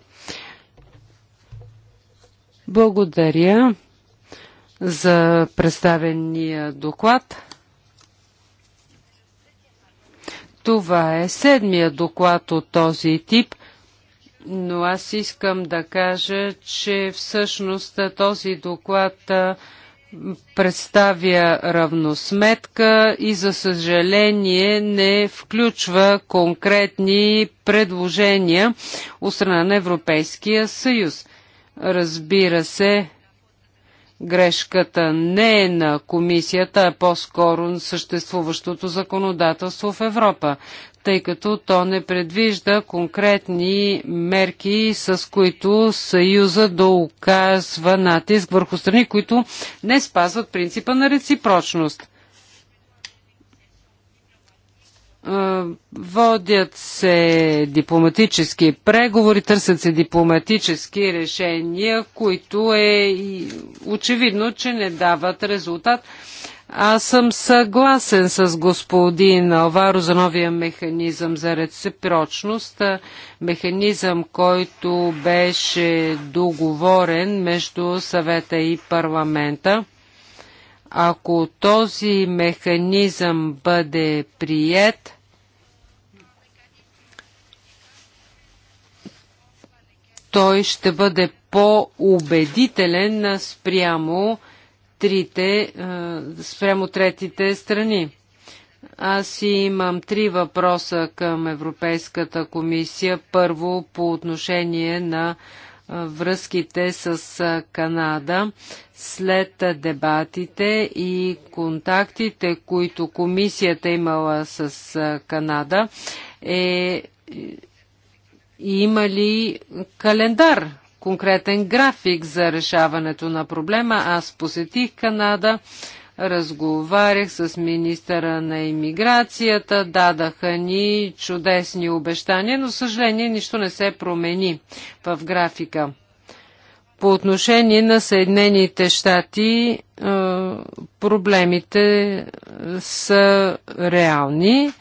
Благодаря за представения доклад. Това е седмия доклад от този тип, но аз искам да кажа, че всъщност този доклад представя равносметка и за съжаление не включва конкретни предложения от страна на Европейския съюз. Разбира се, Грешката не е на комисията, а по-скоро на съществуващото законодателство в Европа, тъй като то не предвижда конкретни мерки, с които Съюза да оказва натиск върху страни, които не спазват принципа на реципрочност. Е, водят се дипломатически преговори, търсят се дипломатически решения, които е очевидно, че не дават резултат. Аз съм съгласен с господин Алваро за новия механизъм за реципрочност, е, механизъм, който беше договорен между съвета и парламента. Ако този механизъм бъде прият, той ще бъде по-убедителен спрямо, трите, спрямо третите страни. Аз имам три въпроса към Европейската комисия. Първо, по отношение на връзките с Канада след дебатите и контактите, които комисията имала с Канада, е има ли календар, конкретен график за решаването на проблема. Аз посетих Канада Разговарях с министъра на иммиграцията, дадаха ни чудесни обещания, но съжаление нищо не се промени в графика. По отношение на Съединените щати е, проблемите са реални,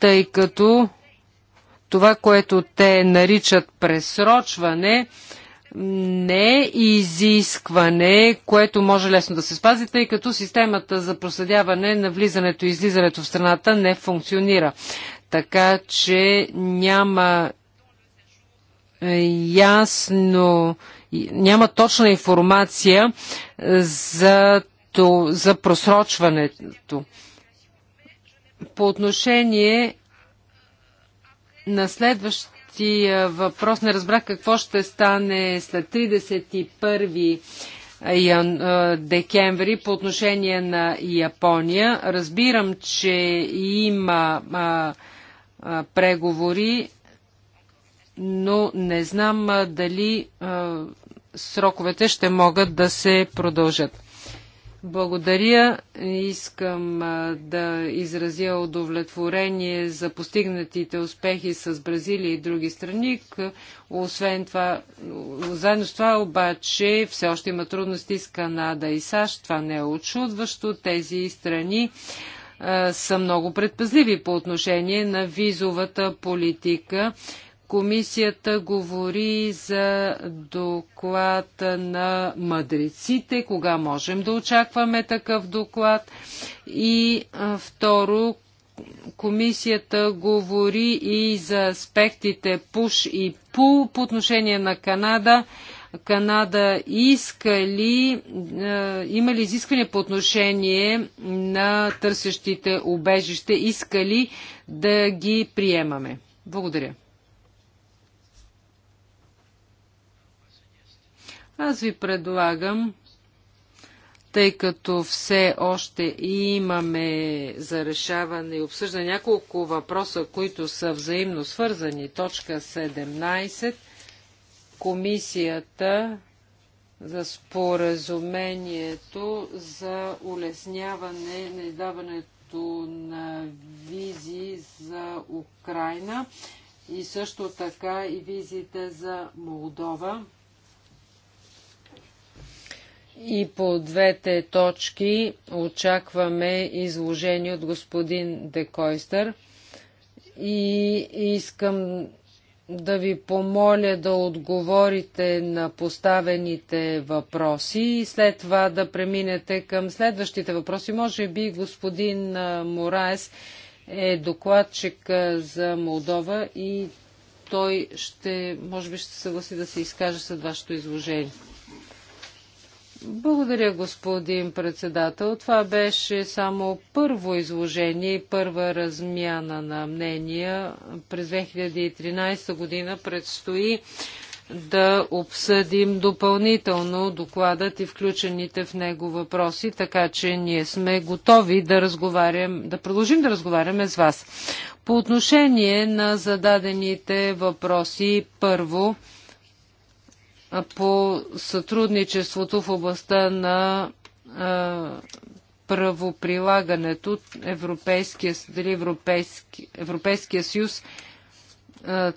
тъй като това, което те наричат пресрочване, не изискване, което може лесно да се спази, тъй като системата за проследяване на влизането и излизането в страната не функционира. Така че няма е, ясно, няма точна информация е, за, то, за просрочването. По отношение на следващ си въпрос. Не разбрах какво ще стане след 31 декември по отношение на Япония. Разбирам, че има а, а, преговори, но не знам а, дали сроковете ще могат да се продължат. Благодаря. Искам да изразя удовлетворение за постигнатите успехи с Бразилия и други страни. Освен това, заедно с това обаче все още има трудности с Канада и САЩ. Това не е очудващо. Тези страни са много предпазливи по отношение на визовата политика Комисията говори за доклад на мъдреците, кога можем да очакваме такъв доклад. И второ, комисията говори и за аспектите пуш и пул по отношение на Канада. Канада иска ли, има ли изискване по отношение на търсещите убежище, иска ли да ги приемаме? Благодаря. Аз ви предлагам, тъй като все още имаме за решаване и обсъждане няколко въпроса, които са взаимно свързани. Точка 17. Комисията за споразумението за улесняване на издаването на визи за Украина и също така и визите за Молдова. И по двете точки очакваме изложение от господин Декойстър. И искам да ви помоля да отговорите на поставените въпроси и след това да преминете към следващите въпроси. Може би господин Мораес е докладчик за Молдова и той ще, може би ще се съгласи да се изкаже след вашето изложение. Благодаря, господин председател. Това беше само първо изложение и първа размяна на мнения. През 2013 година предстои да обсъдим допълнително докладът и включените в него въпроси, така че ние сме готови да, разговарям, да продължим да разговаряме с вас. По отношение на зададените въпроси, първо, по сътрудничеството в областта на правоприлагането. Европейския, дали Европейски, Европейския съюз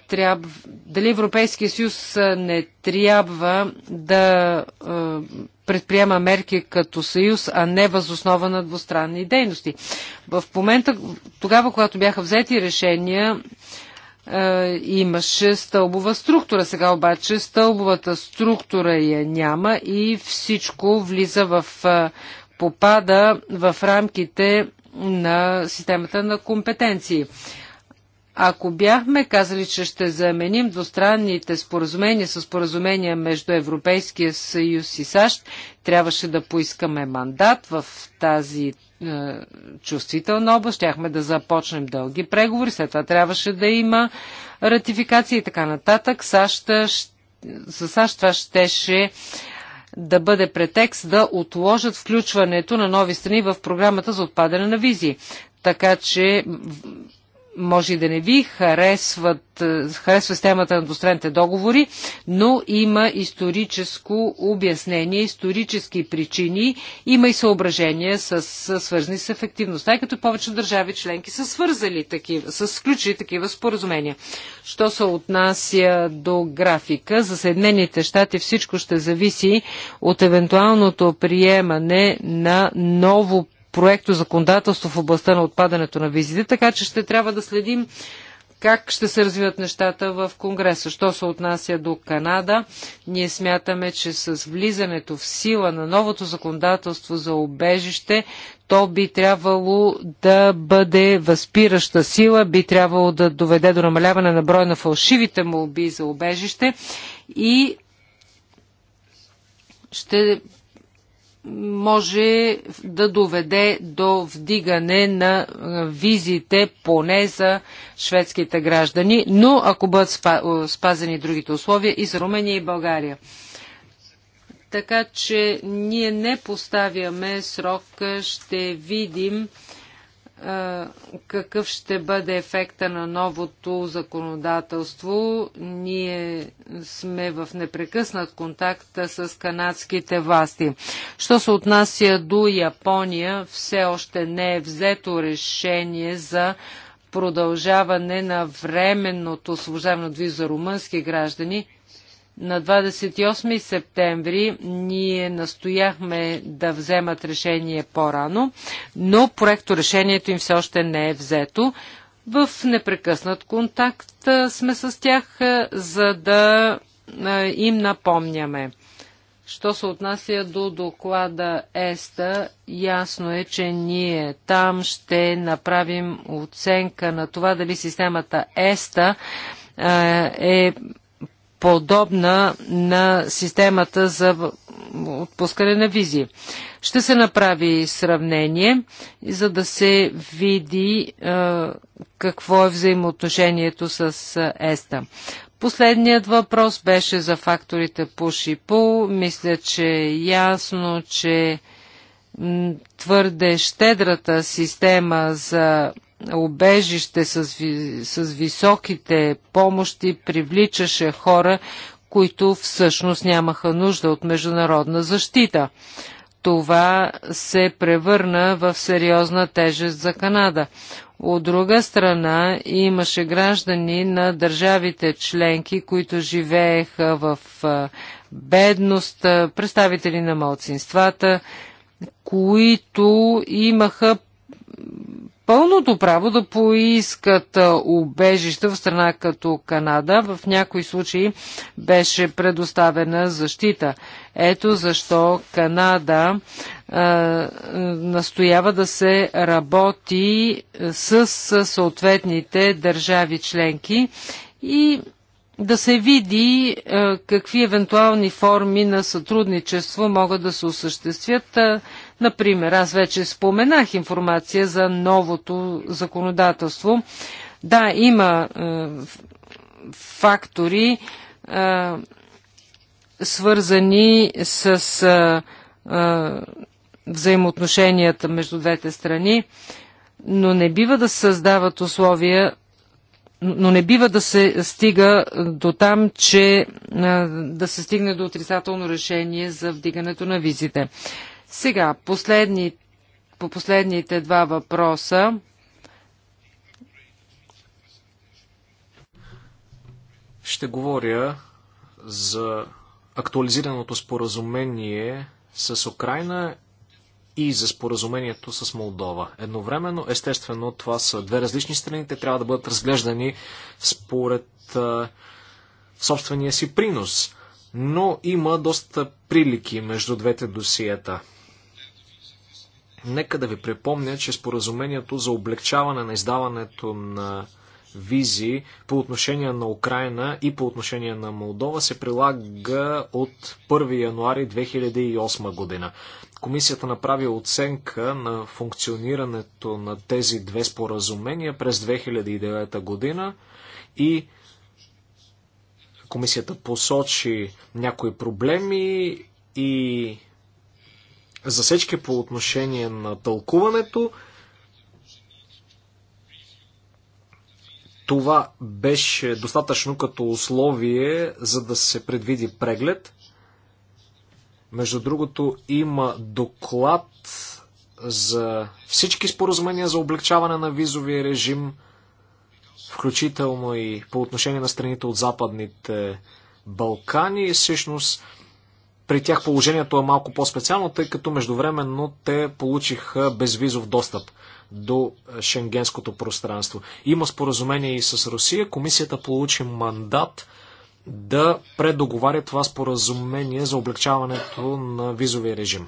трябва, дали Европейския съюз не трябва да предприема мерки като съюз, а не възоснова на двустранни дейности. В момента, тогава, когато бяха взети решения, е, имаше стълбова структура. Сега обаче стълбовата структура я няма и всичко влиза в е, попада в рамките на системата на компетенции. Ако бяхме казали, че ще заменим двустранните споразумения с споразумения между Европейския съюз и САЩ, трябваше да поискаме мандат в тази е, чувствителна област, щяхме да започнем дълги преговори, след това трябваше да има ратификация и така нататък. САЩ, САЩ това щеше да бъде претекст да отложат включването на нови страни в програмата за отпадане на визи. Така че може и да не ви харесват, е, харесва системата на двустранните договори, но има историческо обяснение, исторически причини, има и съображения с, с свързани с ефективността, и като повече държави членки са свързали такива, са сключили такива споразумения. Що се отнася до графика, за Съединените щати всичко ще зависи от евентуалното приемане на ново проекто законодателство в областта на отпадането на визите, така че ще трябва да следим как ще се развиват нещата в Конгреса. Що се отнася до Канада, ние смятаме, че с влизането в сила на новото законодателство за обежище, то би трябвало да бъде възпираща сила, би трябвало да доведе до намаляване на броя на фалшивите молби за обежище и ще може да доведе до вдигане на визите поне за шведските граждани, но ако бъдат спазени другите условия и за Румъния и България. Така че ние не поставяме срок, ще видим какъв ще бъде ефекта на новото законодателство. Ние сме в непрекъснат контакт с канадските власти. Що се отнася до Япония, все още не е взето решение за продължаване на временното служебно движение за румънски граждани – на 28 септември ние настояхме да вземат решение по-рано, но проекто решението им все още не е взето. В непрекъснат контакт сме с тях, за да им напомняме. Що се отнася до доклада ЕСТА, ясно е, че ние там ще направим оценка на това дали системата ЕСТА е подобна на системата за отпускане на визи. Ще се направи сравнение, за да се види е, какво е взаимоотношението с ЕСТА. Последният въпрос беше за факторите Push и Pull. Мисля, че е ясно, че твърде щедрата система за обежище с, с високите помощи привличаше хора, които всъщност нямаха нужда от международна защита. Това се превърна в сериозна тежест за Канада. От друга страна имаше граждани на държавите членки, които живееха в бедност, представители на малцинствата, които имаха пълното право да поискат убежище в страна като Канада. В някои случаи беше предоставена защита. Ето защо Канада а, настоява да се работи с съответните държави членки и да се види е, какви евентуални форми на сътрудничество могат да се осъществят. Е, например, аз вече споменах информация за новото законодателство. Да, има е, фактори, е, свързани с е, е, взаимоотношенията между двете страни, но не бива да създават условия но не бива да се стига до там, че да се стигне до отрицателно решение за вдигането на визите. Сега, последни, по последните два въпроса. Ще говоря за актуализираното споразумение с Украина и за споразумението с Молдова. Едновременно, естествено, това са две различни страни, те трябва да бъдат разглеждани според а, собствения си принос. Но има доста прилики между двете досиета. Нека да ви припомня, че споразумението за облегчаване на издаването на визи по отношение на Украина и по отношение на Молдова се прилага от 1 януари 2008 година. Комисията направи оценка на функционирането на тези две споразумения през 2009 година и комисията посочи някои проблеми и засечки по отношение на тълкуването Това беше достатъчно като условие, за да се предвиди преглед. Между другото, има доклад за всички споразумения за облегчаване на визовия режим, включително и по отношение на страните от Западните Балкани. Всъщност, при тях положението е малко по-специално, тъй като междувременно те получиха безвизов достъп до шенгенското пространство. Има споразумение и с Русия. Комисията получи мандат да предоговаря това споразумение за облегчаването на визовия режим.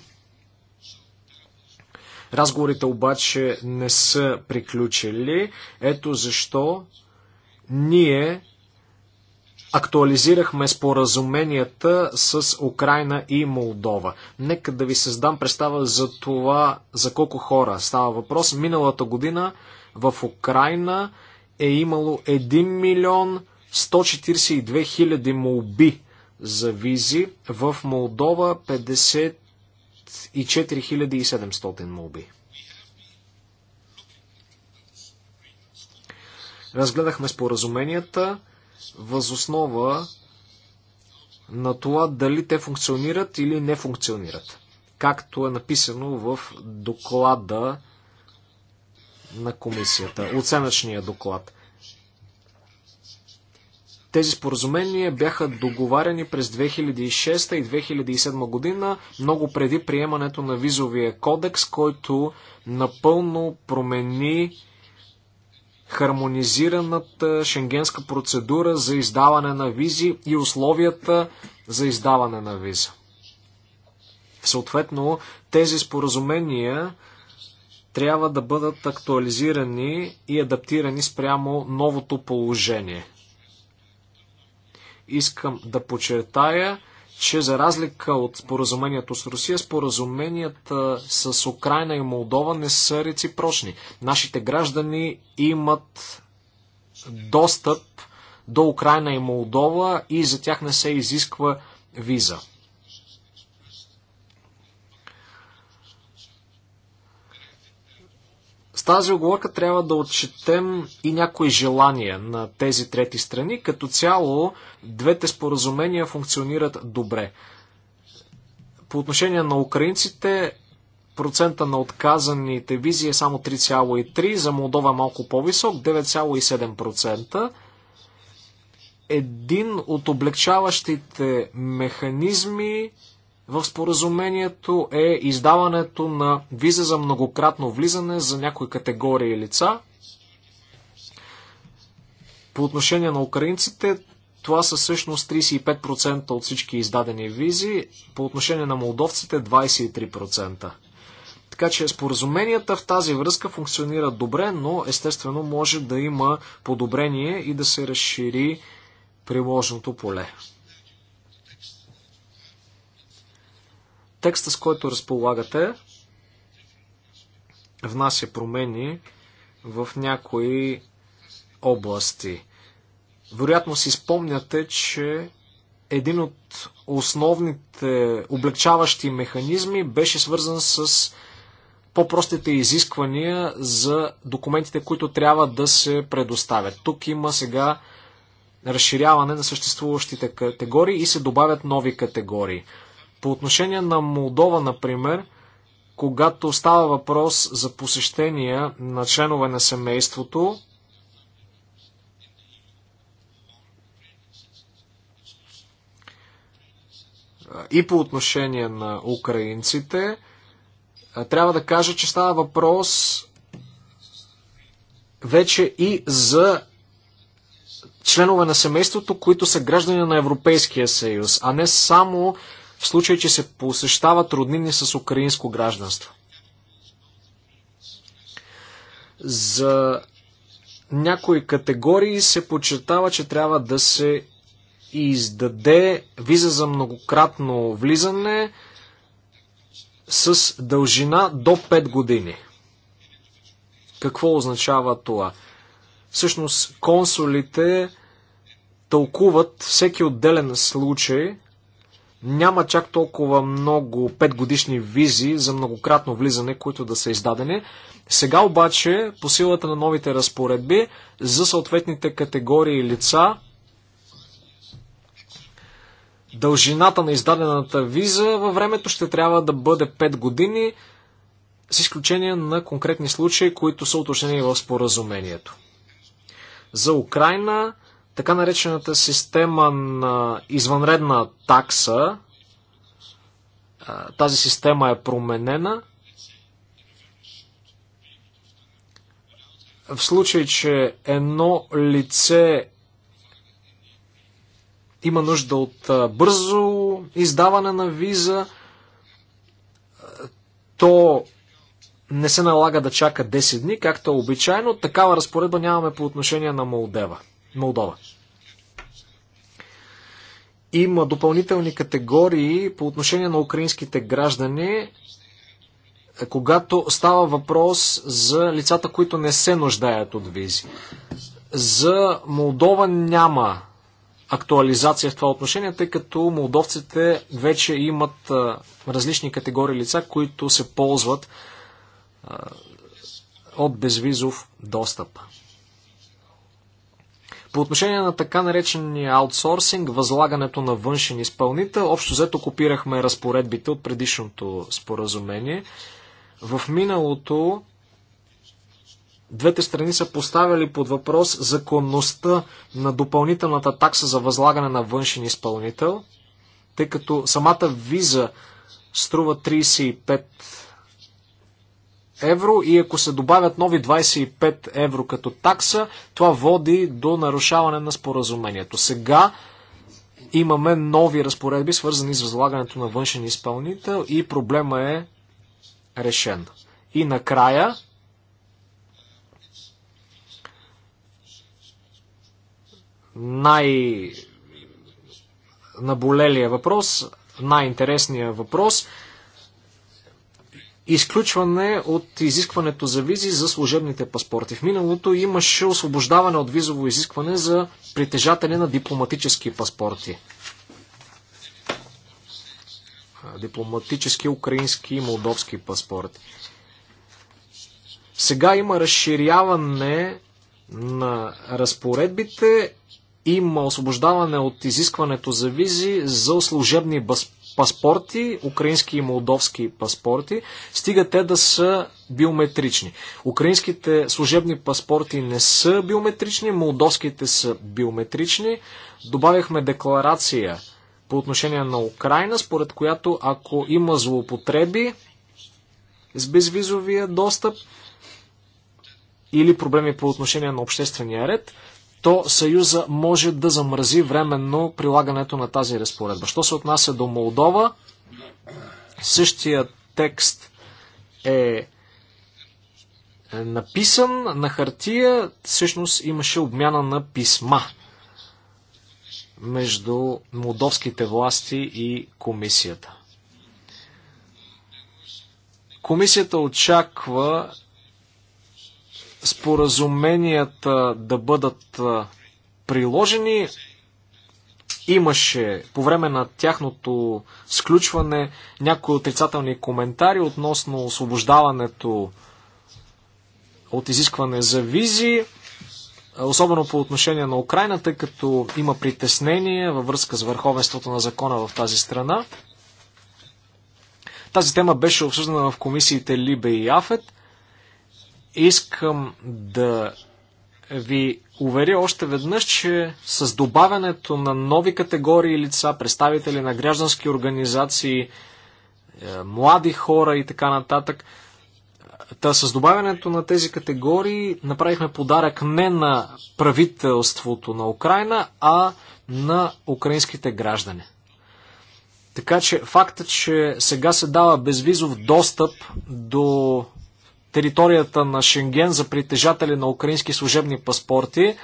Разговорите обаче не са приключили. Ето защо ние актуализирахме споразуменията с Украина и Молдова. Нека да ви създам представа за това, за колко хора става въпрос. Миналата година в Украина е имало 1 милион 142 хиляди молби за визи, в Молдова 54 700 молби. Разгледахме споразуменията, възоснова на това дали те функционират или не функционират, както е написано в доклада на комисията, оценъчния доклад. Тези споразумения бяха договаряни през 2006 и 2007 година, много преди приемането на визовия кодекс, който напълно промени хармонизираната шенгенска процедура за издаване на визи и условията за издаване на виза. Съответно, тези споразумения трябва да бъдат актуализирани и адаптирани спрямо новото положение. Искам да подчертая, че за разлика от споразумението с Русия, споразуменията с Украина и Молдова не са реципрочни. Нашите граждани имат достъп до Украина и Молдова и за тях не се изисква виза. тази оговорка трябва да отчетем и някои желания на тези трети страни. Като цяло, двете споразумения функционират добре. По отношение на украинците, процента на отказаните визи е само 3,3, за Молдова е малко по-висок, 9,7%. Един от облегчаващите механизми в споразумението е издаването на виза за многократно влизане за някои категории лица. По отношение на украинците, това са всъщност 35% от всички издадени визи, по отношение на молдовците 23%. Така че споразуменията в тази връзка функционират добре, но естествено може да има подобрение и да се разшири приложното поле. Текста, с който разполагате, внася промени в някои области. Вероятно си спомняте, че един от основните облегчаващи механизми беше свързан с по-простите изисквания за документите, които трябва да се предоставят. Тук има сега разширяване на съществуващите категории и се добавят нови категории. По отношение на Молдова, например, когато става въпрос за посещения на членове на семейството, и по отношение на украинците, трябва да кажа, че става въпрос вече и за членове на семейството, които са граждани на Европейския съюз, а не само в случай, че се посещават роднини с украинско гражданство. За някои категории се подчертава, че трябва да се издаде виза за многократно влизане с дължина до 5 години. Какво означава това? Всъщност консулите тълкуват всеки отделен случай няма чак толкова много 5 годишни визи за многократно влизане, които да са издадени. Сега обаче, по силата на новите разпоредби, за съответните категории лица, дължината на издадената виза във времето ще трябва да бъде 5 години, с изключение на конкретни случаи, които са уточнени в споразумението. За Украина така наречената система на извънредна такса. Тази система е променена. В случай, че едно лице има нужда от бързо издаване на виза, то не се налага да чака 10 дни, както е обичайно. Такава разпоредба нямаме по отношение на Молдева. Молдова. Има допълнителни категории по отношение на украинските граждани, когато става въпрос за лицата, които не се нуждаят от визи. За Молдова няма актуализация в това отношение, тъй като молдовците вече имат различни категории лица, които се ползват от безвизов достъп. По отношение на така наречения аутсорсинг, възлагането на външен изпълнител, общо взето копирахме разпоредбите от предишното споразумение. В миналото двете страни са поставили под въпрос законността на допълнителната такса за възлагане на външен изпълнител, тъй като самата виза струва 35 евро и ако се добавят нови 25 евро като такса, това води до нарушаване на споразумението. Сега имаме нови разпоредби, свързани с възлагането на външен изпълнител и проблема е решен. И накрая най наболелия въпрос, най-интересният въпрос – изключване от изискването за визи за служебните паспорти. В миналото имаше освобождаване от визово изискване за притежатели на дипломатически паспорти. Дипломатически, украински и молдовски паспорти. Сега има разширяване на разпоредбите, има освобождаване от изискването за визи за служебни паспорти, украински и молдовски паспорти, стига те да са биометрични. Украинските служебни паспорти не са биометрични, молдовските са биометрични. Добавяхме декларация по отношение на Украина, според която ако има злоупотреби с безвизовия достъп или проблеми по отношение на обществения ред, то Съюза може да замрази временно прилагането на тази разпоредба. Що се отнася до Молдова, същия текст е, е написан на хартия, всъщност имаше обмяна на писма между молдовските власти и комисията. Комисията очаква споразуменията да бъдат приложени. Имаше по време на тяхното сключване някои отрицателни коментари относно освобождаването от изискване за визи, особено по отношение на Украина, тъй като има притеснение във връзка с върховенството на закона в тази страна. Тази тема беше обсъждана в комисиите Либе и Афет. Искам да ви уверя още веднъж, че с добавянето на нови категории лица, представители на граждански организации, е, млади хора и така нататък, Та с добавянето на тези категории направихме подарък не на правителството на Украина, а на украинските граждани. Така че фактът, че сега се дава безвизов достъп до територията на Шенген за притежатели на украински служебни паспорти е,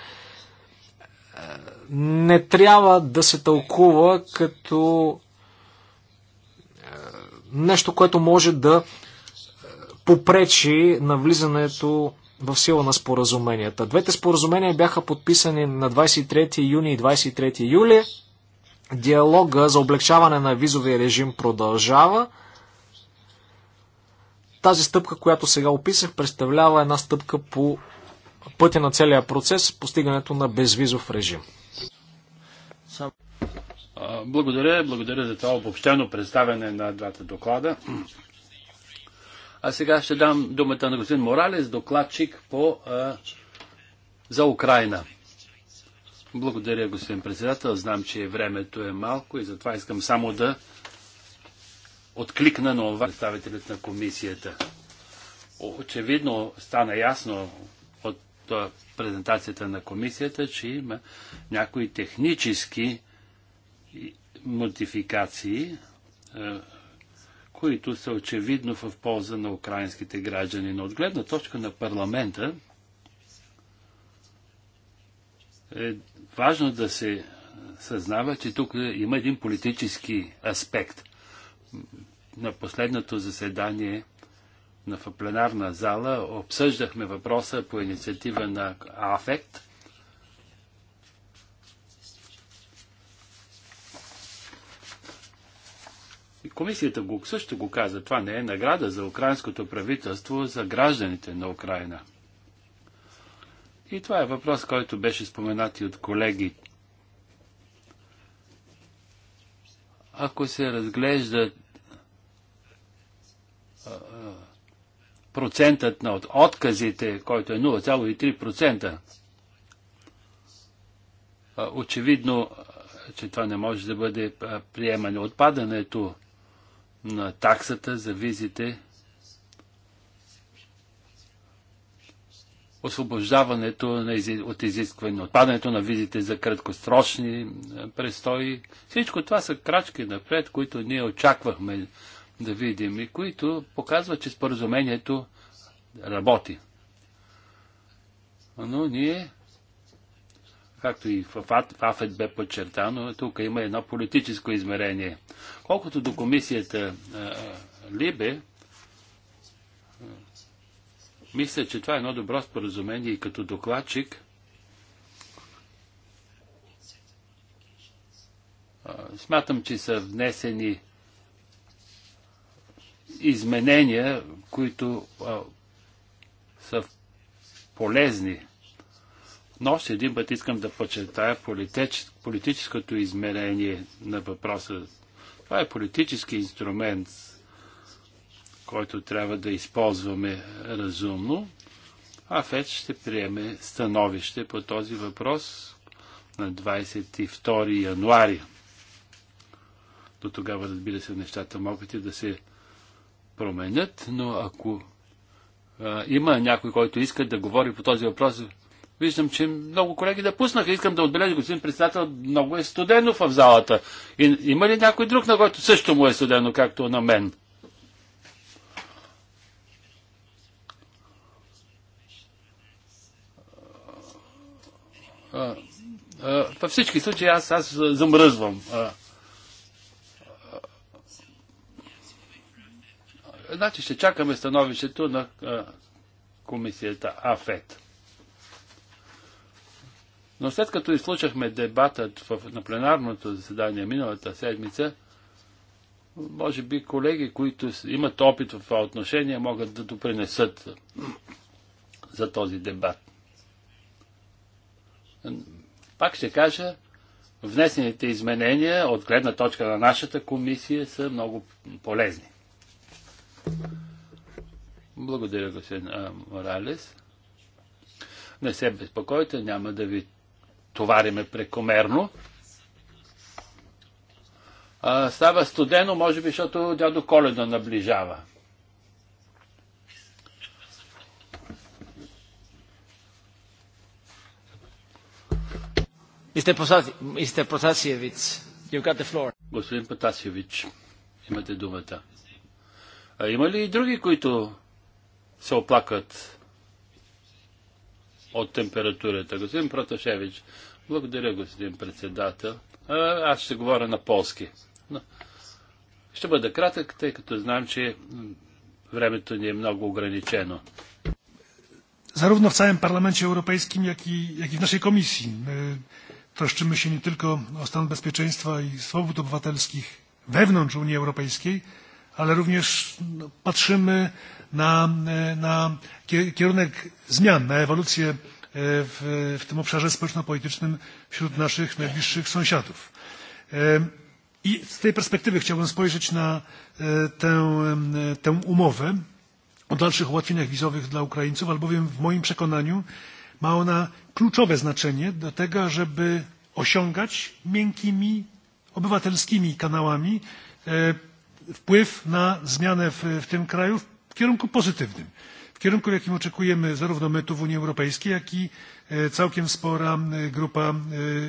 не трябва да се тълкува като е, нещо, което може да е, попречи на влизането в сила на споразуменията. Двете споразумения бяха подписани на 23 юни и 23 юли. Диалога за облегчаване на визовия режим продължава. Тази стъпка, която сега описах, представлява една стъпка по пътя на целия процес, постигането на безвизов режим. Благодаря, благодаря за това обобщено представяне на двата доклада. А сега ще дам думата на господин Моралес, докладчик по, а, за Украина. Благодаря, господин председател. Знам, че времето е малко и затова искам само да откликна на това представителят на комисията. Очевидно стана ясно от презентацията на комисията, че има някои технически модификации, които са очевидно в полза на украинските граждани. Но от гледна точка на парламента е важно да се съзнава, че тук има един политически аспект на последното заседание на пленарна зала обсъждахме въпроса по инициатива на АФЕКТ. И комисията го, също го каза, това не е награда за украинското правителство, за гражданите на Украина. И това е въпрос, който беше споменат и от колегите. ако се разглежда процентът на отказите, който е 0,3%, очевидно, че това не може да бъде приемане. Отпадането на таксата за визите освобождаването от изискване, отпадането на визите за краткосрочни е, престои. Всичко това са крачки напред, които ние очаквахме да видим и които показват, че споразумението работи. Но ние, както и в АФЕД бе подчертано, тук има едно политическо измерение. Колкото до комисията е, е, Либе, мисля, че това е едно добро споразумение и като докладчик смятам, че са внесени изменения, които а, са полезни. Но още един път искам да подчертая политич, политическото измерение на въпроса. Това е политически инструмент, който трябва да използваме разумно. а АФЕД ще приеме становище по този въпрос на 22 януари. До тогава, разбира се, нещата могат и да се променят, но ако а, има някой, който иска да говори по този въпрос, виждам, че много колеги да пуснаха. Искам да отбележа, господин председател, много е студено в залата. И, има ли някой друг, на който също му е студено, както на мен? във всички случаи аз, аз замръзвам. значи ще чакаме становището на комисията АФЕТ. Но след като изслушахме дебатът в, на пленарното заседание миналата седмица, може би колеги, които имат опит в това отношение, могат да допринесат за този дебат. Пак ще кажа, внесените изменения от гледна точка на нашата комисия са много полезни. Благодаря, господин Моралес. Не се безпокойте, няма да ви товариме прекомерно. А, става студено, може би, защото дядо Коледа наближава. Мистер got the floor. Господин Протасиевич, имате думата. А има ли и други, които се оплакват от температурата? Господин Проташевич, благодаря, господин председател. А, аз ще говоря на полски. Но ще бъда кратък, тъй като знам, че времето ни е много ограничено. Zarówno в цялен парламент Europejskim, jak i, и, i w naszej troszczymy się nie tylko o stan bezpieczeństwa i swobód obywatelskich wewnątrz Unii Europejskiej, ale również patrzymy na, na kierunek zmian, na ewolucję w, w tym obszarze społeczno-politycznym wśród naszych najbliższych sąsiadów. I z tej perspektywy chciałbym spojrzeć na tę, tę umowę o dalszych ułatwieniach wizowych dla Ukraińców, albowiem w moim przekonaniu Ma ona kluczowe znaczenie do tego, żeby osiągać miękkimi, obywatelskimi kanałami wpływ na zmianę w, w tym kraju w kierunku pozytywnym. W kierunku, w jakim oczekujemy zarówno my tu w Unii Europejskiej, jak i całkiem spora grupa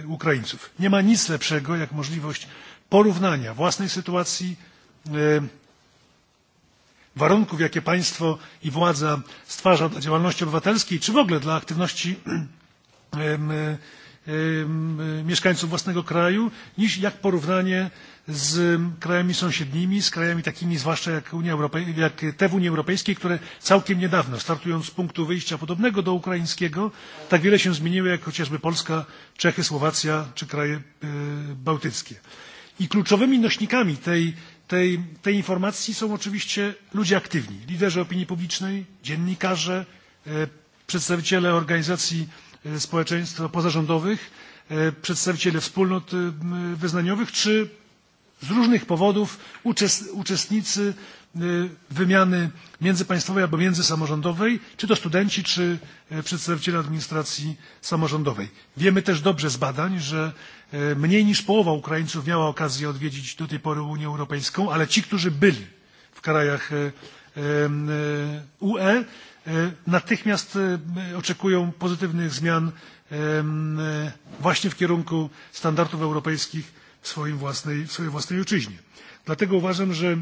Ukraińców. Nie ma nic lepszego jak możliwość porównania własnej sytuacji warunków, jakie państwo i władza stwarza dla działalności obywatelskiej, czy w ogóle dla aktywności mieszkańców własnego kraju, niż jak porównanie z krajami sąsiednimi, z krajami takimi zwłaszcza jak, Unia jak te w Unii Europejskiej, które całkiem niedawno, startując z punktu wyjścia podobnego do ukraińskiego, tak wiele się zmieniły jak chociażby Polska, Czechy, Słowacja czy kraje bałtyckie. I kluczowymi nośnikami tej tej, tej informacji są oczywiście ludzie aktywni, liderzy opinii publicznej, dziennikarze, przedstawiciele organizacji społeczeństwa pozarządowych, przedstawiciele wspólnot wyznaniowych czy z różnych powodów uczestnicy wymiany międzypaństwowej albo międzysamorządowej, czy to studenci, czy przedstawiciele administracji samorządowej. Wiemy też dobrze z badań, że mniej niż połowa Ukraińców miała okazję odwiedzić do tej pory Unię Europejską, ale ci, którzy byli w krajach UE, natychmiast oczekują pozytywnych zmian właśnie w kierunku standardów europejskich w swojej własnej ojczyźnie. Dlatego uważam, że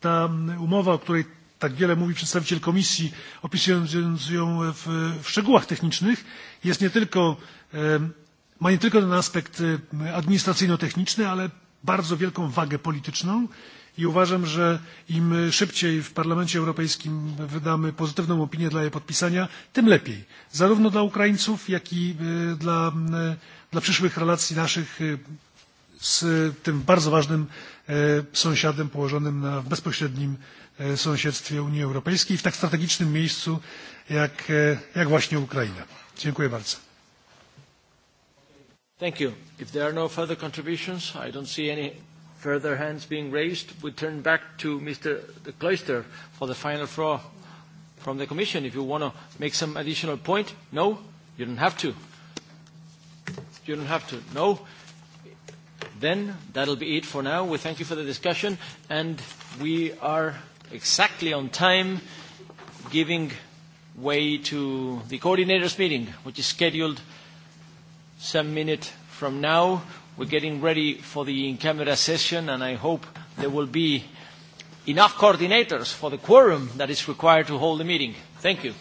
Ta umowa, o której tak wiele mówi przedstawiciel Komisji, opisując ją w, szczegółach technicznych, jest nie tylko, ma nie tylko ten aspekt administracyjno-techniczny, ale bardzo wielką wagę polityczną i uważam, że im szybciej w Parlamencie Europejskim wydamy pozytywną opinię dla jej podpisania, tym lepiej. Zarówno dla Ukraińców, jak i dla, przyszłych relacji naszych z tym bardzo ważnym sąsiadem położonym w bezpośrednim sąsiedztwie Unii Europejskiej w tak strategicznym miejscu jak, właśnie Ukraina. Dziękuję bardzo. Thank you. If there are no further contributions, I don't see any further hands being raised. We turn back to Mr. De Cloister for the final floor from the Commission. If you want to make some additional point, no, you don't have to. You don't have to. No. Then that'll be it for now. We thank you for the discussion, and we are exactly on time giving way to the coordinators meeting, which is scheduled some minute from now. We're getting ready for the in-camera session, and I hope there will be enough coordinators for the quorum that is required to hold the meeting. Thank you.